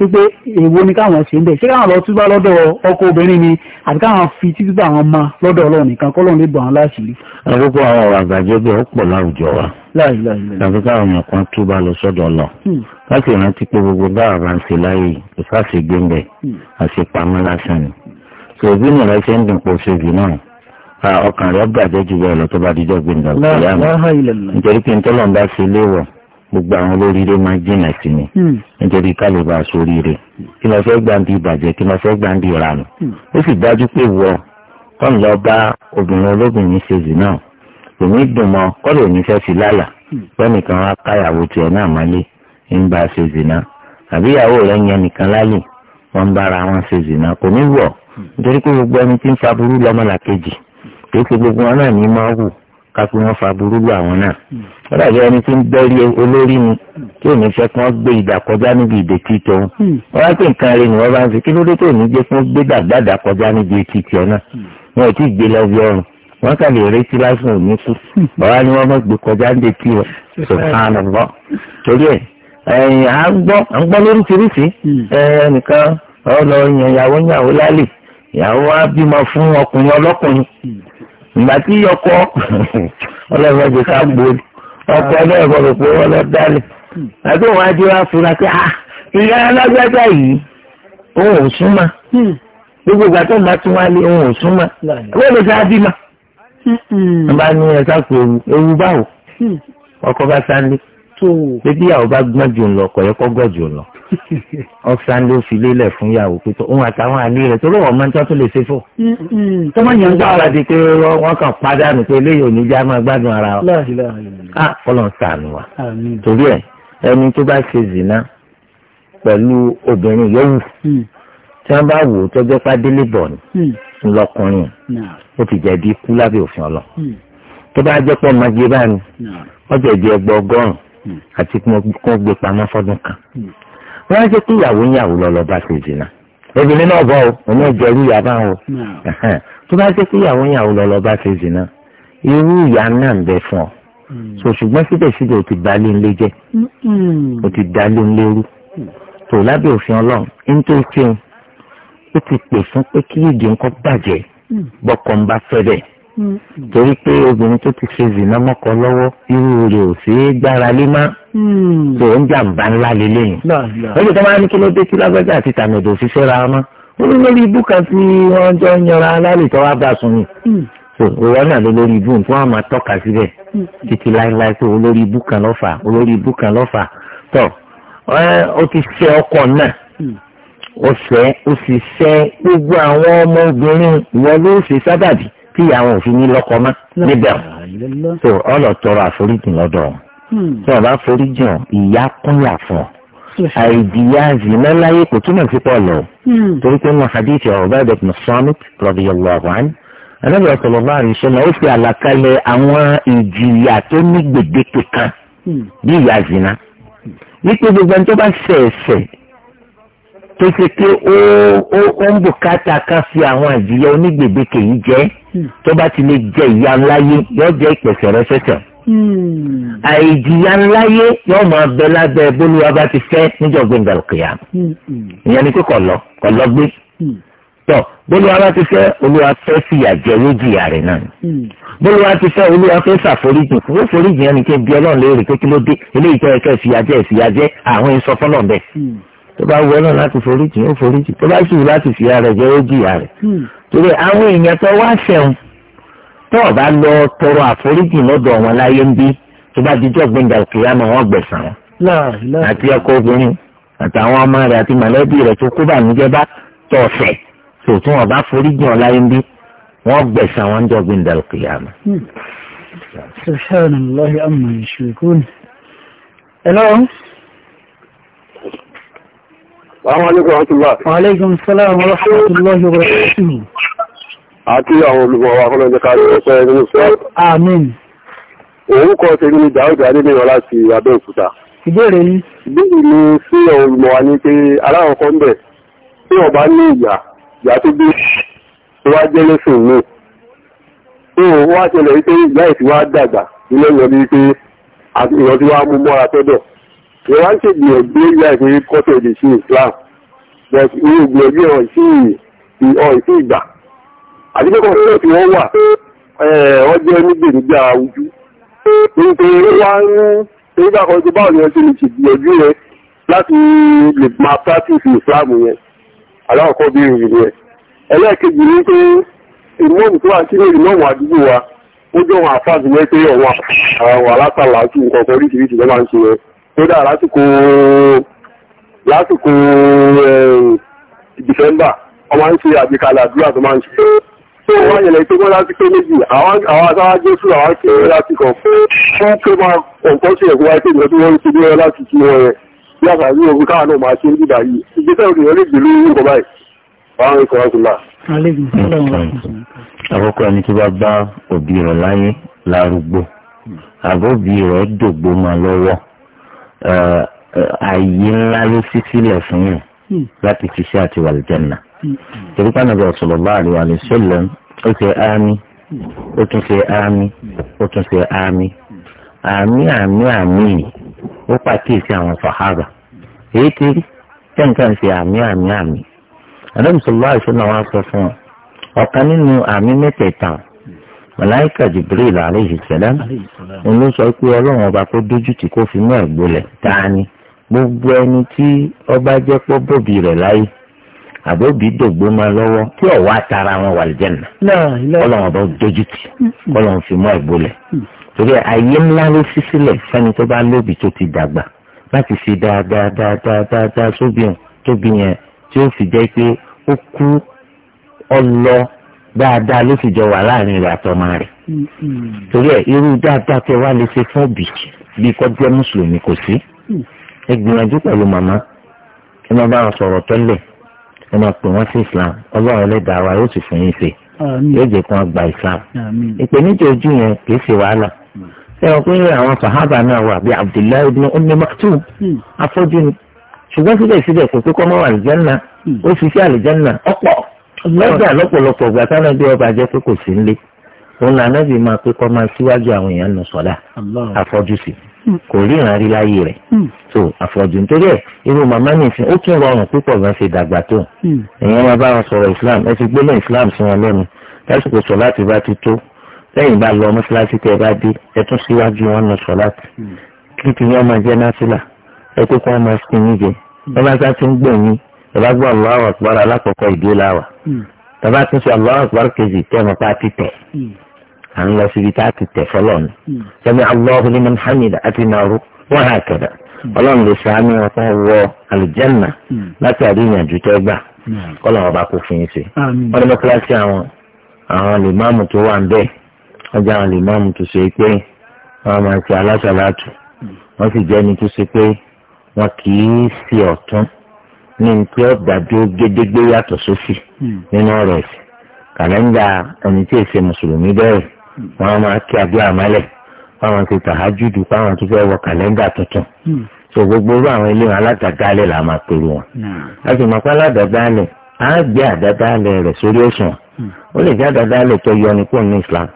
wípé èwo ni káwọn ṣe ń bẹ̀ ṣé káwọn lọ túbá lọ́dọ̀ ọkọ obìnrin ni àti káwọn fi títúbà àwọn ọmọ lọ́dọ̀ ọlọ́run nìkan kọ́lọ́run lè bọ̀ àwọn láṣìírí. àkókò àwọn ọ̀rọ̀ àgbàjẹ́ bẹ́ẹ̀ ó pọ̀ láwùjọ wa tàbí káwọn èèyàn kan túbá lọ sọ́dọ̀ ọlọ hmm. láti rántí pé gbogbo báwa bá ń ṣe láyé ìfàṣègbè ń bẹ̀ hmm. àṣepamọ́ lásán ni ṣòbí nìyẹn lọ́sẹ̀ ń dùn pọ̀ ṣèjì náà ọkàn rẹ̀ bàjẹ́ jù bẹ́ẹ̀ lọ tó bá dijọ́ gbẹ̀ndà nítorí pé ntọ́lọ́mbà ṣe léwọ̀ gbogbo àwọn olóríire máa jìnà sí mi hmm. nítorí kálíbà sóríire kí lọ fẹ́ gbàǹdì ìbàjẹ́ kí lọ fẹ́ gbàǹdì ìranù hmm. ó sì dájú pé wọ tọ́n lọ bá obìnrin olóbìnrin ṣèṣì náà òní dùnmọ́ kọ́lé òní fẹ́ sí lálà lẹ́nìkan hmm. wá káyàwó tiẹ̀ náà mọ́lé ń bá ṣèṣì náà àbí ìyàwó rẹ̀ yẹn nìkan lálẹ́ wọ́n ń bára wọn ṣèṣì náà kò ní wọ̀ nítorí pé gbogbo ẹni kápẹ́ wọn fa burúkú àwọn náà wọ́n dàbí ẹni tí ń bẹ́rí olórí ni tí ò ní fẹ́ kí wọ́n gbé ìdà kọjá níbi ìdètí tòun hmm. wọ́n wá pé nǹkan rẹ̀ ni wọ́n bá ń fi kí ló dé tó ní gbé fún gbé dàgbàdà kọjá níbi etí tiẹ̀ náà wọn ò tí ì gbé lọ bí ọrùn wọ́n kà lè retí lásán ò ní kú bàbá hmm. ni wọ́n mọ̀ gbé kọjá níbi etí rẹ̀ hmm. sọ̀tánàbọ̀ torí ẹ̀ à ń gbọ́ lóríṣiríṣi ẹnìkan ìgbà tí ọkọ ọlọ́mọdé ká gbó ọkọ náà gbọdọ̀ pé wọ́n lọ dálé àti òun á jẹ́ wá fura pé ah ìyá alágbádá yìí òun ò súnmọ́ hmm. gbogbo ìgbà tó ń bá tún wálé òun ò súnmọ́ wọ́n lè sáà bímọ. Hmm, hmm. wọ́n ní ẹ̀ka pé ewu báwo ọkọ bá sáà pé bí ìyàwó bá gbọ́n jù ń lọ ọkọ yẹ kó gbọ́n jù ń lọ ọ̀sán ló fi lélẹ̀ fún ìyàwó pé òun àtàwọn àní rẹ̀ tó lóun ọmọ nítorí tó lè ṣe fò. tó gbà wá di pé wọ́n kàn pàdánù pé eléyìí ò ní já máa gbádùn ara wa. a kọ́lọ̀ ń sànù wa. torí ẹ ẹni tó bá ṣe zìnà pẹ̀lú obìnrin yòówù mm. tí wọ́n bá wò ó tọ́jọ́ pàdélé bọ̀ ni mm. ńlọkùnrin ó ti jẹ̀bi ikú lábẹ́ òfin ọlọ́ mm. tó bá jẹ́ pé ọmọge bá ní ọjọ́ ẹgbẹ́ ọgọ́rùn-ún àti kí wọ́n gbé pamọ́ fọ́dún kan wọ́n á jẹ́ pé ìyàwó ń yàwó lọ́lọ́ bá ṣe jìnnà obìnrin náà bọ̀ ọ́ òun náà jẹ́ irú ìyá bá wọn tó bá jẹ́ pé ìyàwó ń yàwó lọ́lọ́ bá ṣe jìnnà irú ìyá náà ń bẹ fún ọ hmm. so ṣùgbọ́n síbẹ̀síbẹ̀ o ti da lé ńlé jẹ́ hmm. o ti da lé ńlé rú tó lábẹ́ òfin ọlọ́run nítorí pé o ti pè fún pé kí ìdí ńkọ́ bàjẹ́ hmm. bọ́kọ̀ ń bá fẹ́ bẹ́ẹ̀ Hmm. torí pé obìnrin tó ti ṣe zìnà mọ́kọ lọ́wọ́ irú rẹ̀ ò sí gbára lé má tó hmm. ń jàǹbá ńlá lélẹ́yìn. lọ́jọ́ tó máa ní kí ló dé tí lágbájá àti tàmẹ̀dò ṣiṣẹ́ ra ọmọ ó ní lórí ibú kan tí wọ́n jọ ń yanra alálètọ́ wa bá sùn ni. òwò hmm. náà ló lórí ibú nǹkan àmọ́ tọ́ka síbẹ̀ títí láéláé tó olórí ibú kan lọ́fà olórí ibú kan lọ́fà tó ó ti ṣe ọkọ náà ó ṣe ó sì ṣe gbogbo àwọn ọmọ obìnrin ìwọ ló ṣe sábàbí tí àwọn òfin ní lọ́kọ mọ́ níbẹ̀ so ọlọ tọrọ àforíjì lọ́dọ̀ wọn hmm. tí wọn bá foríjì hàn ìyá kúnlà fún ọ àìdíyà zìnnà láyé kò túmọ̀ sí pọ̀ lọ hmm. torí pé wọn hadithi ọ̀rọ̀ bá ibẹ̀tún summit radiyallahu anhu anábì sallallahu alaihi wasallam ó fi àlàkalẹ̀ àwọn ìjìyà tó ní gbèdéke kan hmm. bí ìyá zìnnà wípé gbogbo ẹni tó bá ṣẹ̀ ẹ̀ṣẹ̀ tó ṣe pé ó ó ń bùkátà ká fi àwọn ìjìyà onígbègbèkè yìí jẹ hmm. tó bá ti lè jẹ ìyà ńláyé yóò jẹ ìpèsè rẹ ṣẹṣẹ. Hmm. ńláyé yóò máa bẹ lábẹ́ bólúwa bá ti fẹ́ níjọ̀gbìn gbàlùkìyà hmm. ìyẹn ni pé kò lọ kò lọ gbé tọ bólúwa bá ti fẹ́ olúwa fẹ́ fìyà jẹ lójìyà rẹ̀ náà bólúwa ti fẹ́ olúwa fẹ́ ṣàforíjìn fún foríjìn ẹni kí n bí ọlọ́run léèrè pé kí ló dé eléyìí tẹ́ ẹ fẹ́ tó bá wọ náà láti foríjì ó foríjì tó bá sì wù láti fìyà rẹ̀ jẹ́ ó jìyà rẹ̀ hmm. torí àwọn èèyàn tó wá ṣẹ̀wọ̀n tó ọ̀bá lọ tọrọ àforíjì lọ́dọ̀ wọn láyé ń bí tó bá dijọ́ gbẹ̀ngà kìyàmọ̀ wọn gbẹ̀sán wọn àti ọkọ obìnrin àtàwọn ọmọ rẹ̀ àti mọ̀lẹ́bí rẹ̀ tó kó bànújẹ́ bá tọ̀ ọ̀fẹ́ tòtún ọ̀bá foríjì wọn láyé ń bí wọn gbẹ̀sán wọn jọ gbẹ̀ngà kìyàmọ̀. سبحان الله أما يشركون. Hello. Àti àwọn olùgbọ̀n wa fọ́nà jẹ́ káàrí ọ̀pẹ́ nínú sọ́ọ̀. Àmín. Òun kọ́ ṣe ní Dáúdà Adébẹ̀yàn láti Abẹ́òkúta. Ìbéèrè yìí. Ìbéèrè ni sí àwọn olùgbọ̀n wa ní pé aláwọ̀ kan bẹ̀ tí wọ́n bá ní ìyà, ìyà tó bí tó wá jẹ́ lẹ́sìn mú. Tó wá ṣẹlẹ̀ wípé ìyá ìfiwá dàgbà nílẹ̀ yọ bí pé àti ìyọ́ tí wá mú mọ́ra tọ́dọ̀ ìwà ń ṣe gbìyànjú ìyá ìpínlẹ̀ kọ́tọ̀ èdè sí Islam but irú gbìyànjú ọ̀ sí ìsí ìgbà àdínkọ́kọ́ sílẹ̀ tí wọ́n wà wọ́n jẹ́ nígbènígbà ojú nítorí wá ń torí bá kan tó báwọn ni wọ́n ṣe lè ṣe gbìyànjú rẹ láti lè máa practice Islam yẹn aláwọ̀kọ́ bí ìrìn rẹ ẹlẹ́ẹ̀kejì ní pé ìmọ̀ọ̀mù tó wà sílẹ̀ ìmọ̀ọ̀mù àdúgbò wa ó jọ àwọn àfáàsì mẹ́tẹ́ ọ̀wọ́ àwọn alátàlá àti nǹkan kan oríṣiríṣi ló máa ń ṣe yẹn kódà lásìkò lásìkò eh, December wọ́n máa ń ṣe àgbékalẹ̀ àdúrà tó máa ń ṣe tó wọ́n yẹ̀lẹ̀ tó wọ́n láti pé méjì àwọn àtàwà jésù àwọn kí wọ́n láti kàn fún pé máa kọ̀ǹkọ́ sí ẹ̀kọ́ wáyé pé wọ́n ti gbé wọn láti kí wọn rẹ̀ bí àtàrí ogun káà náà máa ṣe ń dìbà yìí ìgbésẹ̀ òkèèyàn lè gbèlú nǹkan báyìí àwọn ikọ̀ ọ̀túnlá. àkọ́kọ́ ààyè ńlá ló sí sílẹ̀ fún yàn hmm. láti ṣiṣẹ́ àti wà lìjẹ́nà. Hmm. torí pàmò bí sallallahu alaihi wasallam ó ṣe àmì ó tún ṣe àmì ó tún ṣe àmì àmì àmì àmì yìí ó pàkíyèsí àwọn sàhábà èyí ti rí tẹ́ǹkan ṣe àmì àmì àmì. àdàbùsọ̀lọ́ àìsàn náà wá sọ fún ọ ọ̀kan nínú àmì mẹ́tẹ̀ẹ̀ta màláìkà jibril aleyhi salam òun sọ pé ọlọ́run ọba kó dójú tì kó fi mú ẹ̀gbọ́lẹ̀ tání gbogbo ẹni tí ọba jẹ́ pọ́ bòbí rẹ̀ láyé àbóbí dògbó máa lọ́wọ́ tí ọ̀wá tara wọn wà lìjẹ́nà ọlọ́run ọba dójú tì ọlọ́run fi mú ẹ̀gbọ́lẹ̀ torí ayé ńlá ló fi sílẹ̀ fẹ́ni tó bá lóbi tó ti dàgbà láti fi dáadáa sóbì yẹn tóbi yẹn tí ó fi jẹ́ pé ó kú ọlọ́ọ̀ dáadáa ló sì jọ wà láàrin rẹ̀ àtọmọ rẹ̀ mm, mm. torí ẹ̀ irú dáadáa tẹ wá lè ṣe fún òbí bí kò jẹ́ mùsùlùmí kò sí mm. ẹ gbìyànjú pẹ̀lú màmá ẹ máa bá wọn sọ̀rọ̀ tẹ́lẹ̀ ẹ máa pè wọ́n sí islam ọlọ́run ẹlẹ́dàá wa yóò sì fún yín ṣe yóò jẹ́ kí wọ́n gba islam ìpèníjà ojú yẹn kì í ṣe wàhálà ẹ̀rọ pé àwọn sàhábà náà wà bí abdullahi ibn ummi maktum afọ́jú ni ṣùgbọ́n síbẹ̀síbẹ̀ kò pé kọ́ mọ́ àlìjánná ó fi sí ọ̀pọ̀ lọ́jà lọ́pọ̀lọpọ̀ ìgbà táwọn ẹbí ọba jẹ́ pé kò sí nílé òun là náà bí máa pé kọ́ máa síwájú àwọn èèyàn nù sọ́dà àfọ́jú hmm. kò rí ìran láyé rẹ̀ hmm. so àfọ́jú nítorí ẹ̀ irú màmá nìsín ó tún rọrùn púpọ̀ gan ṣe dàgbà tó èèyàn hmm. máa bá wọn sọ̀rọ̀ Islam ẹ ti gbóná Islam sí wọn lẹ́nu lásìkò sọ láti bá ti tó lẹ́yìn bá lọ mọ́ṣáláṣí tẹ́ ẹ bá dé ẹ tún síwájú wọn nù sọ láti kí ti yẹn máa jẹ́ násìlà ẹ kó kọ́ máa sí yín jẹ ẹ bá sá ti ń gbẹ̀yìn tọ́ba gbọ́ Allahu Akbar alákọ̀ọ́kọ́ ìdó láwà hmm. tọ́ba tún ṣe Allahu Akbar kejì tẹ́mọ̀ pa ti tẹ̀ hmm. à ń lọ síbi tá a ti tẹ̀ fọlọ́ ni hmm. sẹ́mi Allahu liman hamida àti nàró wọ́n hà kẹ̀dà ọlọ́run lè sàánú ọkọ̀ wọ àlùjànnà látàrí ìyànjú tẹ́ gbà kọ́lọ̀ ọba kò fi ṣe wọ́n ní mọ́kíláṣí àwọn àwọn lèmáàmù tó wà ń bẹ̀ wọ́n jẹ́ àwọn lèmáàmù tó ṣe pé wọ́n máa ń ṣe aláṣàlátù wọ́n sì jẹ́ ẹni tó ṣe pé wọ́n kì í ṣe ọ̀tún ní tí ó dàdúró gédégbé yàtọ̀ sósì hmm. nínú ọ̀rọ̀ ẹ̀sìn kàlẹ́ńdà ẹni tí èsè mùsùlùmí bẹ́ẹ̀ wọ́n máa kí abẹ́ àmálẹ̀ wọ́n máa ti tàhájúdù fáwọn tó fẹ́ wọ kàlẹ́ńdà tuntun hmm. so gbogbo irú àwọn ilé wọn aládàdálẹ̀ là máa pèrò wọn láti hmm. mọ̀ pé aládàdálẹ̀ á gbé àdàdálẹ̀ rẹ̀ sórí òṣùwọ̀n ó lè jẹ́ àdàdálẹ̀ tó yọ ní kúrò ní Islam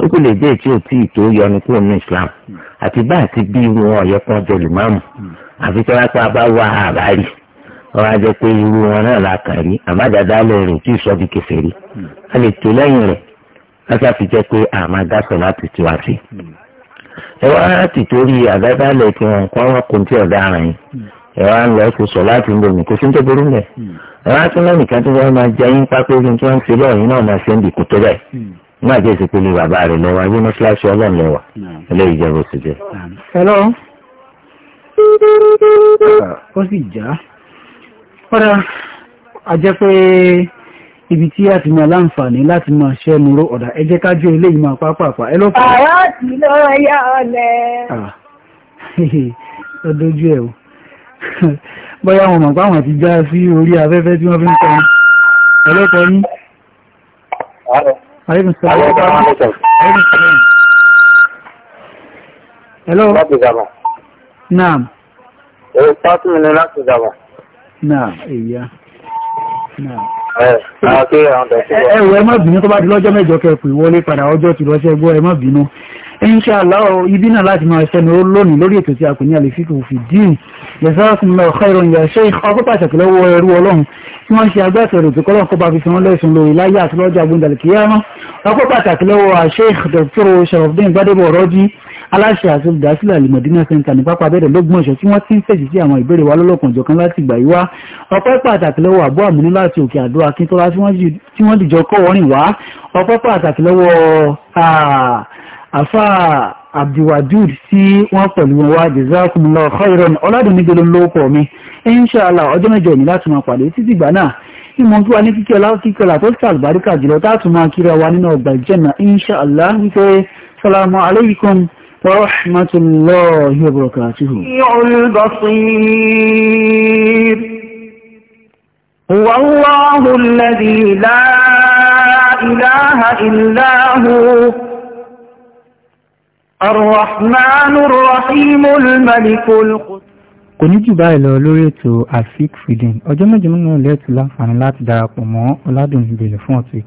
ó kò lè jẹ́ ètí òtí ìtò yọ ní kúrò ní Islam àti bá àti bí wọn ọ̀yẹ́pọ̀ jẹ lùmáàmù àfi tí bá wà á wọn á jẹ pé irú wọn náà la kàn rí àbájáde lẹ́rìn tí ìsọ di kẹfẹ́ rí a lè tó lẹ́yìn rẹ̀ lọ́sà fi jẹ́ pé àmà dáṣọ láti tu wá sí. ẹ wá láti torí àdádálẹ̀ tí wọn kọ́ wọn kò tí ọ̀daràn yìí ẹ wá ń lọ kó sọ láti ń bomi kò sí ń tó burú mẹ́. ẹ wá tún lẹ́nìkan tí wọ́n máa jẹ yín pápẹ́ ogun tí wọ́n ń ṣe lọ́ọ̀yìn náà máa ṣe ń dìkú tó bẹ́ẹ̀. má jẹ́ ìsìnkú ni bàbá rẹ̀ lọ́wọ́ ayé mọ́ṣáláṣí ọlọ́run lẹ́wà eléyìí jẹ́ bó ṣe jẹ́. hello. ó sì já. Kọ́dá, a jẹ́ pé ibi tí a ti máa láǹfààní láti máa ṣẹ́ múró ọ̀dà ẹ jẹ́ ká jẹ́ ilé ìmọ̀ pápápá ẹ lọ́pàá. Àrá ti lọ yá ọlẹ̀. Ó dojú ẹ̀ o. Bọ́yá wọn mọ̀ pé àwọn ti já sí orí afẹ́fẹ́ tí wọ́n fi ń kọ́. Ẹ lọ́pàá yín. Aleykum salaam. Aleykum salaam. Hello. Láti Zaba. Naam. Èyí pátí mi ni láti Zaba náà èyà náà ẹ̀wọ̀ ẹ má bínú tó bá di lọ́jọ́ mẹ́jọ kẹpù ìwọlé padà ọjọ́ ti lọ́ṣẹ́ gbọ́ ẹ má bínú inshallah ibi náà láti máa ṣẹ́nu ó lónìí lórí ètò tí a kò ní àlefíkò fi dín jazakumullahu khairan ya sheikh ọkọ̀ pàtàkì lọ́wọ́ ẹrú ọlọ́run tí wọ́n ṣe agbátẹrù tó kọ́lọ́ kó bá fi san lẹ́sùn lórí láyé àti lọ́jọ́ agbóndàlẹ̀ kíyámà aláṣẹ àti olùdásílẹ̀ alimọ̀dínà center ní pápá abẹ́rẹ́ lọ́gbọ̀nsẹ̀ tí wọ́n ti ń fèsì sí àwọn ìbéèrè wa lọ́lọ́kan jọ̀kan láti ìgbà yìí wá ọpẹ́ pàtàkì lọ́wọ́ àbú àmúní láti òkè àdó akíntola tí wọ́n dìjọ kọ́ wọ́n rìn wá ọpẹ́ pàtàkì lọ́wọ́ àfà abdulwadud tí wọ́n pẹ̀lú wọn wá jazakumullahu khairan ọ̀làdùnmí gbẹlẹ́ lọ́pọ̀ mi inshallah ọjọ́ mẹ́jọ ní láti máa pàdé títí ìgbà náà ìmọ̀ tí wà ní kíkẹ́ lákíkẹ́ látọ́sí àlùbáríkà jùlọ táàtù máa kíra wa nínú ọgbà ìjẹ́nà inshallah wípé salamu alaikum ورحمة الله وبركاته البصير هو الله الذي لا إله إلا هو الرحمن الرحيم الملك القدس kò ní jù báyìí lọ lórí ètò afik freedom ọjọ́ mẹ́jọ mẹ́rin lẹ́ẹ̀tù láǹfààní